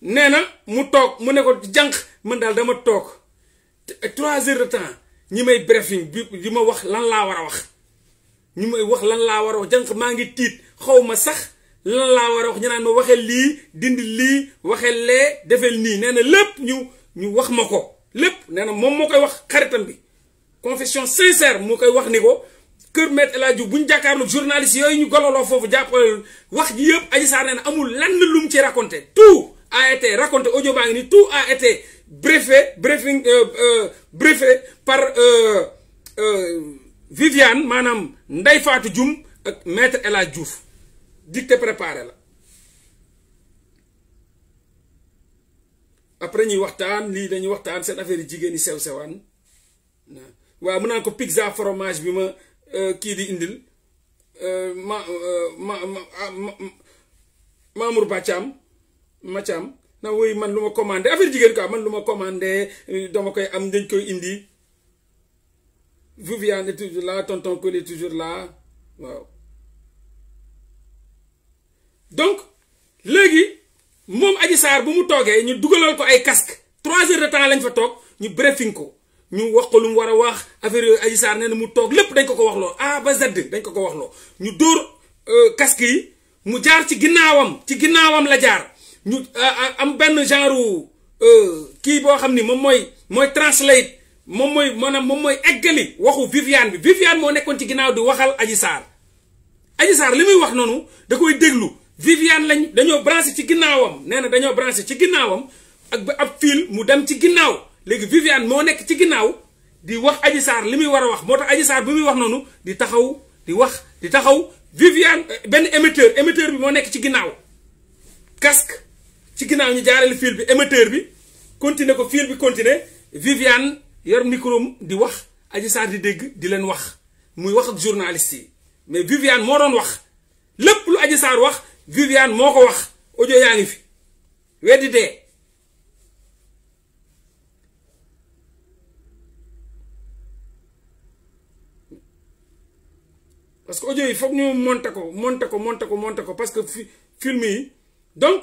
nee na mu toog mu ne ko jànq man daal dama toog trois heures de temps ñi may briefing bi di ma wax lan laa war a wax ñu may wax lan laa war a wax jànq maa ngi tiit xawma sax lan laa war a wax ñu naan waxee lii dindi lii waxee lee defeel nii nee na lépp ñu ñu wax ma ko lépp nee na moom moo koy wax xaritam bi confession sincère moo koy wax ni ko kër maître El Hadji bu ñu jàkkaarloog journaliste yooyu ñu gololoo foofu jàppale wax ji yëpp Adji Sarr nee na amul lan lu ci raconté tout a été raconté au tout a été briefé briefing euh, euh, briefé par euh, Viviane Manam nous Fatou maître Ella Juf dicté préparé après c'est affaire nous pizza fromage ma indil ma ma ah, Bacham Mathiam na woy man lu ma commandé affaire jigéen quoi man lu ma commandé euh, dama koy am dañ koy indi Viviane est toujours là tonton Collé toujours là waaw donc léegi moom Adji Sarr bu mu toogee ñu dugalal ko ay casque trois heures de temps lañ fa toog ñu briefing ko ñu wax ko lu mu war a wax affaire yooyu Adji nee na mu toog lépp dañ ko ko wax loo A ba Z dañ ko ko wax loo ñu dóor euh, casque yi mu jaar ci ginnaawam ci ginnaawam la jaar ñu am benn genre euh, kii boo xam ni moom mooy mooy translate moom mooy maanaam moom mooy eggali waxu Viviane bi Viviane moo nekkoon ci ginnaaw di waxal Adji Sarr Adji Sarr li muy wax noonu da koy déglu Viviane lañ dañoo branché ci ginnaawam nee na dañoo branché ci ginnaawam ak ab fil mu dem ci ginnaaw léegi Viviane moo nekk ci ginnaaw di wax Adji Sarr li muy war a wax moo tax Adji Sarr bi muy wax noonu di taxaw di wax di taxaw Viviane benn émetteur émetteur bi moo nekk ci ginnaaw casque. ci ginnaaw ñu jaarale fil bi émetteur bi continuer ko fil bi continuer Viviane yor micro di wax Adji Sarr di dégg di leen wax muy wax ak journaliste yi mais Viviane moo doon wax lépp lu Adji saar wax Viviane moo ko wax audio yaa ngi fi weddi dee parce que audio yi foog ñu monter ko monter ko monter ko monter ko parce que film yi donc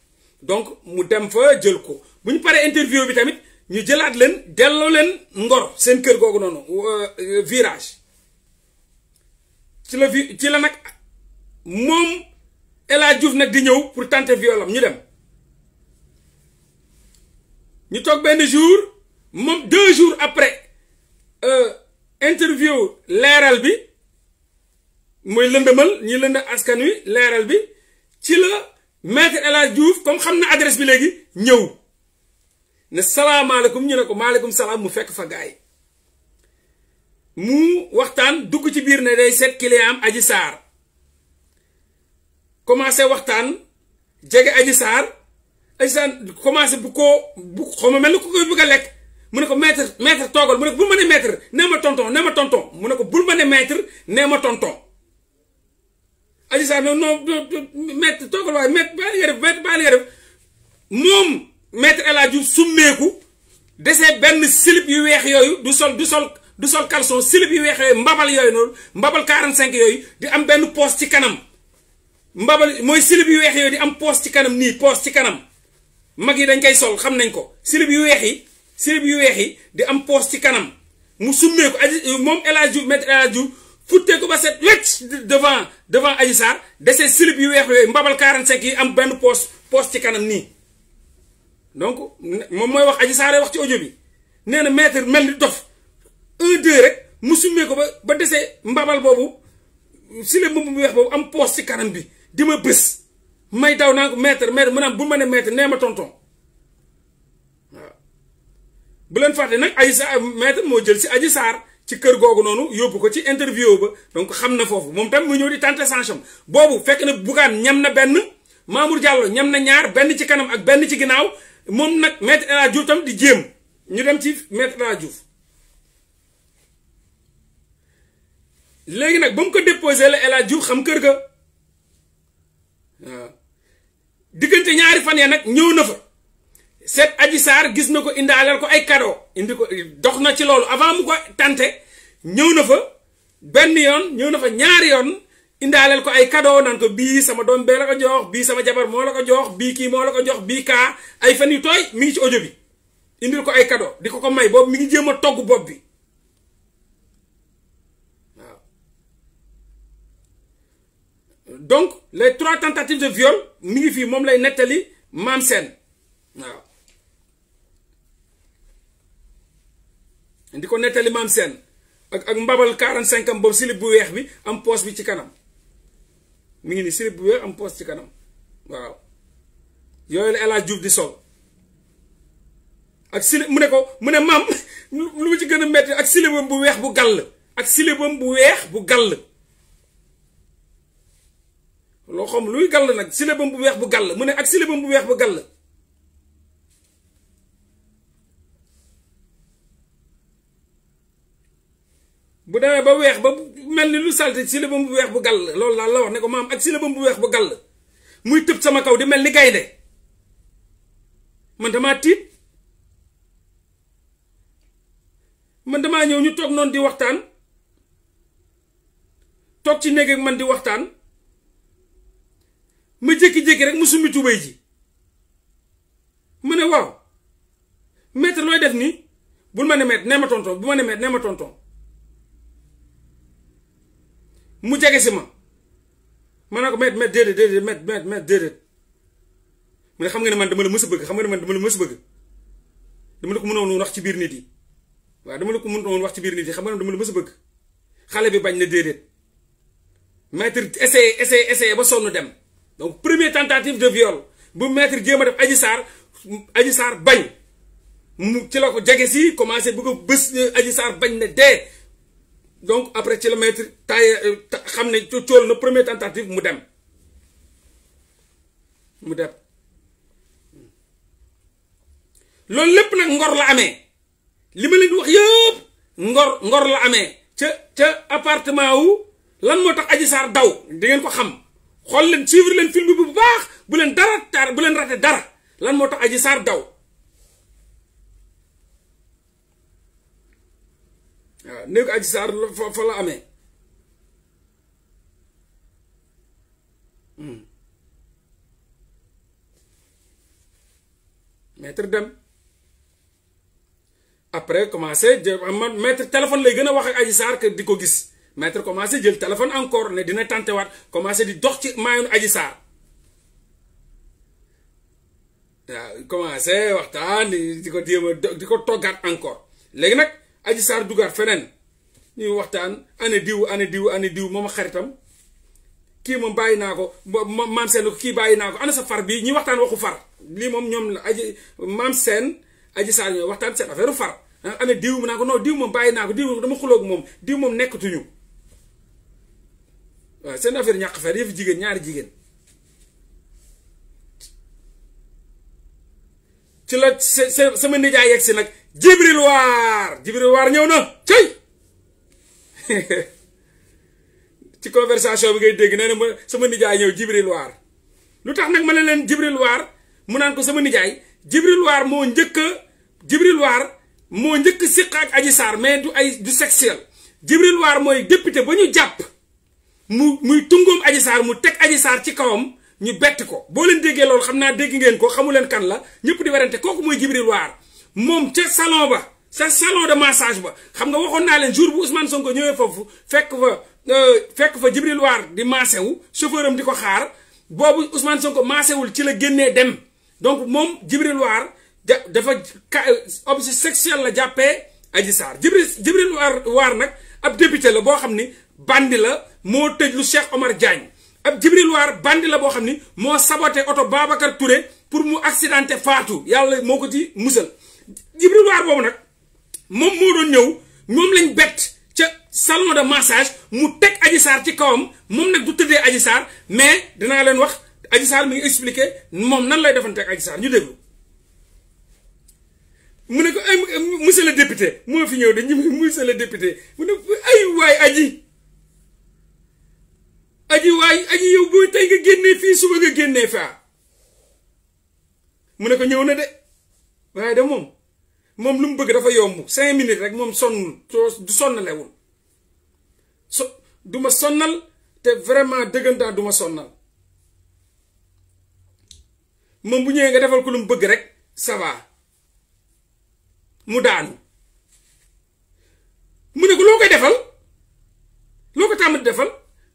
donc mu dem fa jël ko bu paré interview bi tamit ñu jëlat leen dello leen ngoro seen kër googu euh, virage ci la ci la nak mom El Hadj Diouf di ñëw pour tenter violam ñu dem ñu tok benn jour mom deux jours après euh interview leeral bi moy lëndëmal ñi lënd askan wi bi ci la. maître El Hadj comme xam na adresse bi léegi ñëw ne salaamaaleykum ñu ne ko maaleykum salaam mu fekk fa gaay mu waxtaan dugg ci biir ne day seet client aji saar Sarr commencé waxtaan jege aji saar Adji Sarr commencé bu ko bu xaw ma mel ni ku koy bëgg a lekk mu ne ko maître maître toogal mu ne ko bul ma ne maître nee ma tonton nee ma tonton mu ne ko bul ma ne maître nee ma tonton. Adji Sarr non non maître toogal waaye maître bàyyi li nga def maître bàyyi li moom maître El summeeku desee benn silib yu weex yooyu du sol du sol du sol caleçon silib yu weex yooyu mbabal yooyu noonu mbabal 45 yooyu di am benn poos ci kanam mbabal mooy silib yu weex yooyu di am poos ci kanam nii poos ci kanam mag yi dañ koy sol xam nañ ko silib yu weex yi silib yu weex yi di am poos ci kanam mu summeeku Adji moom El Hadji Diouf futtee ko ba set wecc devant devant Adji Sarr dese silib yu weex mbabal 45 yi am ben poste poste ci kanam ni donc mom moy wax Adji Sarr wax ci audio bi néna maître mel ni dof un deux rek musumé ko ba déssé mbabal bobu boobu mum bu weex bobu am poste ci kanam bi di ma bés may daw naa maître maître maanaam bu ma maître néma tonton bu len faté nak Adji Sarr maître mo jël ci Adji Sarr ci kër googu noonu yóbbu ko ci interview ba donc xam na foofu moom tam mu ñëw di tenter chance am boobu fekk na Bougane ñam na benn Mamour Diallo ñam na ñaar benn ci kanam ak benn ci ginnaaw moom nag Maître El Hadji Diouf tam di jéem ñu dem ci Maître El Hadji Diouf léegi nag ba mu ko déposé la El Hadji Diouf xam kër ga diggante ñaari fan ya nag ñëw na fa seet aji saar gis na ko indaaleel ko ay cadeau indi ko dox na ci loolu avant mu ko tante ñëw na fa benn yoon ñëw na fa ñaari yoon indaaleel ko ay cadeau naan ko bii sama doom bee la ko jox bii sama jabar moo ko jox bii kii moo la ko jox bii kaa ay fan yu tooy mi ngi ci audio bi indil ko ay cadeau di ko ko may boobu mu ngi jéem a togg bopp bi waaw donc les trois tentatives de viol mi ngi fii moom lay nettali maam seen waaw di ko nettali mam sen ak ak mbabal 45 am bob silib bu weex bi am poos bi ci kanam mi ngi ni silib bu weex am poos ci kanam waaw yooyu la El di sol ak silib mu ne ko mu ne maam lu mu ci gëna metti ak silibam bu wex bu gal ak silibam bu wex bu gal lo xam luy gal nak silibam bu wex bu gal mu ne ak silibam bu wex bu gal bu demee ba weex ba mel ni lu salte silibam bu weex bu gàll loolu daal la wax ne ko maam ak silibam bu weex bu gàll muy tëb sama kaw di mel ni gaynde man damaa tiit man damaa ñëw ñu toog noonu di waxtaan toog ci néeg man di waxtaan ma jékki-jékki rek mu summi tubéy ji ma ne waaw maître looy def nii bul ma ne maître nee ma tonton bu ma ne maître nee ma tonton mu jégué ci ma ma met met déedéet déedéet met met met déedéet mu xam nga ne man dama la mës bëgg xam nga ne man dama la mës bëgg dama la ko mënoon wax ci biir nit yi wa dama la ko mënoon wax ci biir nit yi xam nga dama la mës bëgg xalé bi bañ na déedéet maître essayé essayé essayé ba sonu dem donc premier tentative de viol bu maître jéem def aji sar aji sar bañ mu ci la ko jégué si commencé bu ko bés aji sar bañ na dee donc après ci la maître taille euh, xam na première tentative mu dem mu dem ngor la amé leen ngor ngor la amé ce appartement lan motax aji sar daw di ko xam leen suivre leen film bi bu baax bu leen dara bu leen raté dara lan motax aji sar daw nek ah, néegu aji saar fa fa la amee hmm. maître dem après commencé jël je ah, maître téléphone lay gën a wax ak aji sar ke di gis maître commencé jël téléphone encore ne dina wat, commencé di dox ci mayon aji komase waaw ah, commencé waxtaan di ko jéem encore léegi nak aji saar dugaat feneen ñuy waxtaan ane diw ane diw ane diw moom xaritam kii moom bàyyi naa ko maam seen ko kii bàyyi naa ko ana sa far bii ñuy waxtaan waxu far lii moom ñoom la aji maam seen aji saar ñooy waxtaan seen affaire far ah, ane diw mu naa ko non diw moom bàyyi naa ko diw dama xulóog moom diw moom nekkatuñu waaw seen affaire ñàkk fer yëf jigéen ñaari jigéen ci la sama nijaay yegg si nag jibril waar jibril waar ñëw na cëy ci conversation bi ngay dégg nee na ma sama nijaay ñëw jibril waar lu tax nag ma ne leen jibril waar mu naan ko sama nijaay jibril waar moo njëkk jibril waar moo njëkk siq ak aji saar mais du ay du sexuel jibril waar mooy député ba ñu jàpp mu muy tungoom aji saar mu teg aji saar ci kawam ñu bett ko boo leen déggee loolu xam naa dégg ngeen ko xamu leen kan la ñëpp di werante kooku mooy jibril waar moom salon ba c'est salon de massage ba xam nga waxon na len jour bu Ousmane Sonko ñëwé fofu fekk fa euh, fekk fa Jibril War di massé wu chauffeuram am di ko xaar bobu Ousmane Sonko massé wul ci la génné dem donc mom Jibril Waar dafa euh, objet sexuel la jappé Adji Sarr Jibril Jibril War War n'ak ab député la bo xamni bandi la mo tëj lu Cheikh Omar Diagne ab Jibril War bandi la bo xamni mo saboter auto Babacar Touré pour mu accidenté Fatou yalla moko ko ci musal. Djibril Waar boobu nag moom moo doon ñëw moom lañ bett ca salon de massage mu teg Adji Sarr ci kawam moom nag du tëddee Adji Sarr mais dinaa leen wax Adji Sarr mi ngi expliqué moom nan lay defante ak Adji Sarr ñu déglu mu ne ko ay monsieur le député moo fi ñëw de ñu monsieur le député mu ne ay waay aji aji waay aji yow boo tey nga génnee fii suba nga génnee faa mu ne ko ñëw na de waaye de moom moom lu mu bëgg dafa yomb cinq minutes rek moom sonnul du sonnalewul so du ma sonnal te vraiment dëggantaan du ma sonnal moom bu ñëwee nga defal ko lu mu bëgg rek ça mu daanu mu ne ko loo koy defal loo ko tàmm di defal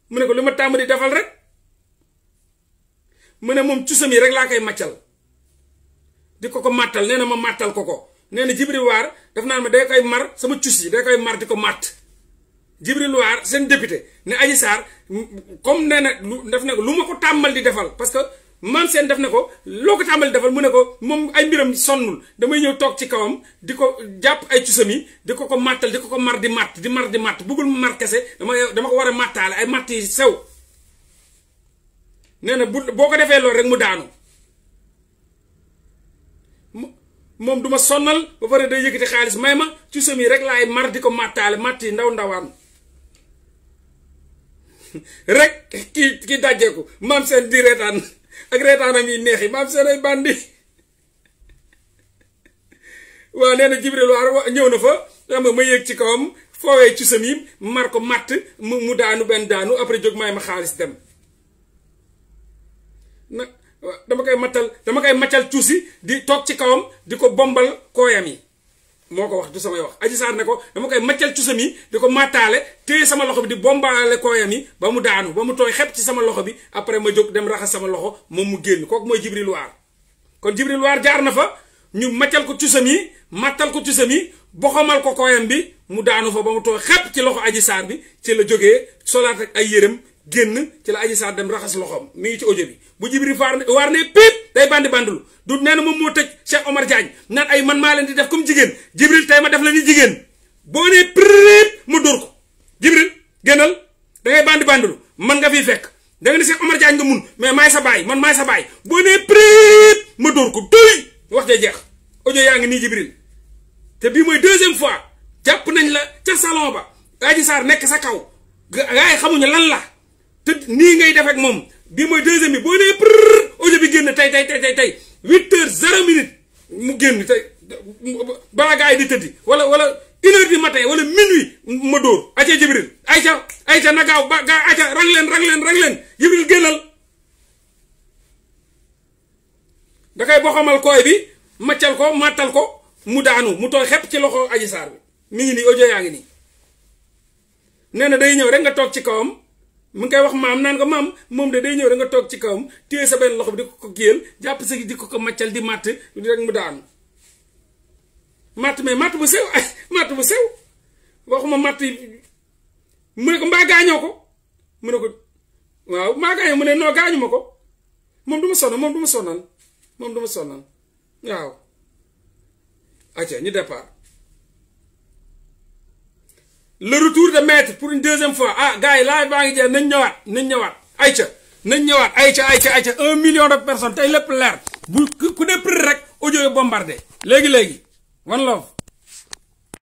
mu ne ko lu ma tàmm di defal rek mu ne moom cusam yi rek laa koy màccal di ko ko màttal nee na ma màttal ko ko nee na Jibril Waar daf naa ma day koy mar sama cus yi day koy mar di ko màtt Jibril Waar seen député ne Adji Sarr comme nee na lu daf ne ko lu ma ko tàmmal di defal parce que man seen def ne ko loo ko tàmbali defal mu ne ko moom ay mbiram sonnul damay ñëw toog ci kawam di ko jàpp ay cusam yi di ko ko màttal di ko ko mar di màtt di mar di matt buggul mu mar kese dama dama ko war a màttaale ay màtt yi sew nee na bu boo ko defee loolu rek mu daanu mom duma ma sonnal ba bari day yëkkati xaalis mayma ci semi rek lay mar di ko màttaale ndaw ndawan rek ki ki ko mam sen di retan ak reetaanam yi neexi mam sen ay bandi wa neena Jibril war ñëw na fa xam ma yëg ci kawam bandanu, ci semi mar ko mat mu daanu ben daanu après jog mayma dem nak dama koy matal dama koy macal cuusi di toog ci kawam di ko bombal kooyam yi moo ko wax du samay wax Adji ne ko dama koy maccal cusam yi di ko mattaale téye sama loxo bi di bombaale kooyam yi ba mu daanu ba mu tooy xepp ci sama loxo bi après ma jóg dem raxas sama loxo moom mu génn kooku mooy Jibril Waar kon Jibril Waar jaar na fa ñu maccal ko cusam yi mattal ko cusam yi boxamal ko kooyam bi mu daanu fa ba mu tooy xepp ci loxo Adji bi ci la jógee solaat ak ay yërëm génn ci la Adji Sarr dem raxas loxoom mi ngi ci ojo bi bu jibiri faar waar ne piip day bandi bandulu du nee moom moo tëj Cheikh Omar Diagne naan ay man maa leen di def comme jigéen jibril tey ma def la boo nee priip mu dóor ko jibril génnal da ngay bandi man nga fiy fekk da nga ne Cheikh Omar mais maay sa baay man maay sa baay boo nee priip ma ko doy wax ja jeex audio yaa ngi nii jibril te bii mooy deuxième fois jàpp nañ la ca salon ba Adji Sarr nekk sa kaw gars yi xamuñu lan la te nii ngay def ak moom bii mooy deuxième bi boo nee prrr ojo bi génn tey tey tey tey huit heures zéro minute mu génn tey balaa gaa yi di tëddi wala wala une bi du matin wala minuit ma dóor aca jibril ayca ayca na gaaw ba gaa aca leen rang leen rang leen jibril génnal da koy boxamal kooy bi maccal ko màttal ko mu daanu mu tooy xepp ci loxo aji saar bi mi ngi nii audio yaa ngi nii nee na day ñëw rek nga toog ci kawam mu ngi koy wax maam naan ko maam moom de day ñëw rek nga toog ci kawam téye sa benn loxo bi di ko ko géel jàpp sa di ko ko maccal di màtt rek mu daanu màtt mais màtt bu sew ay màtt bu sew waxuma màtt mu ne ko mbaa gaañoo ko mu ne ko waaw mbaa gaañoo mu ne noo gaañu ma ko moom du ma sonal moom du ma sonal moom du ma sonal waaw. acca ñu départ. le retour de maître pour une deuxième fois ah gars yi laaj baa ngi jeex nañ ñëwaat nañ ñëwaat ayca nañ ñëwaat ayca ayca ayca un million de personnes tey lépp leer bu ku ne prix rek audio bombardé léegi léegi wan love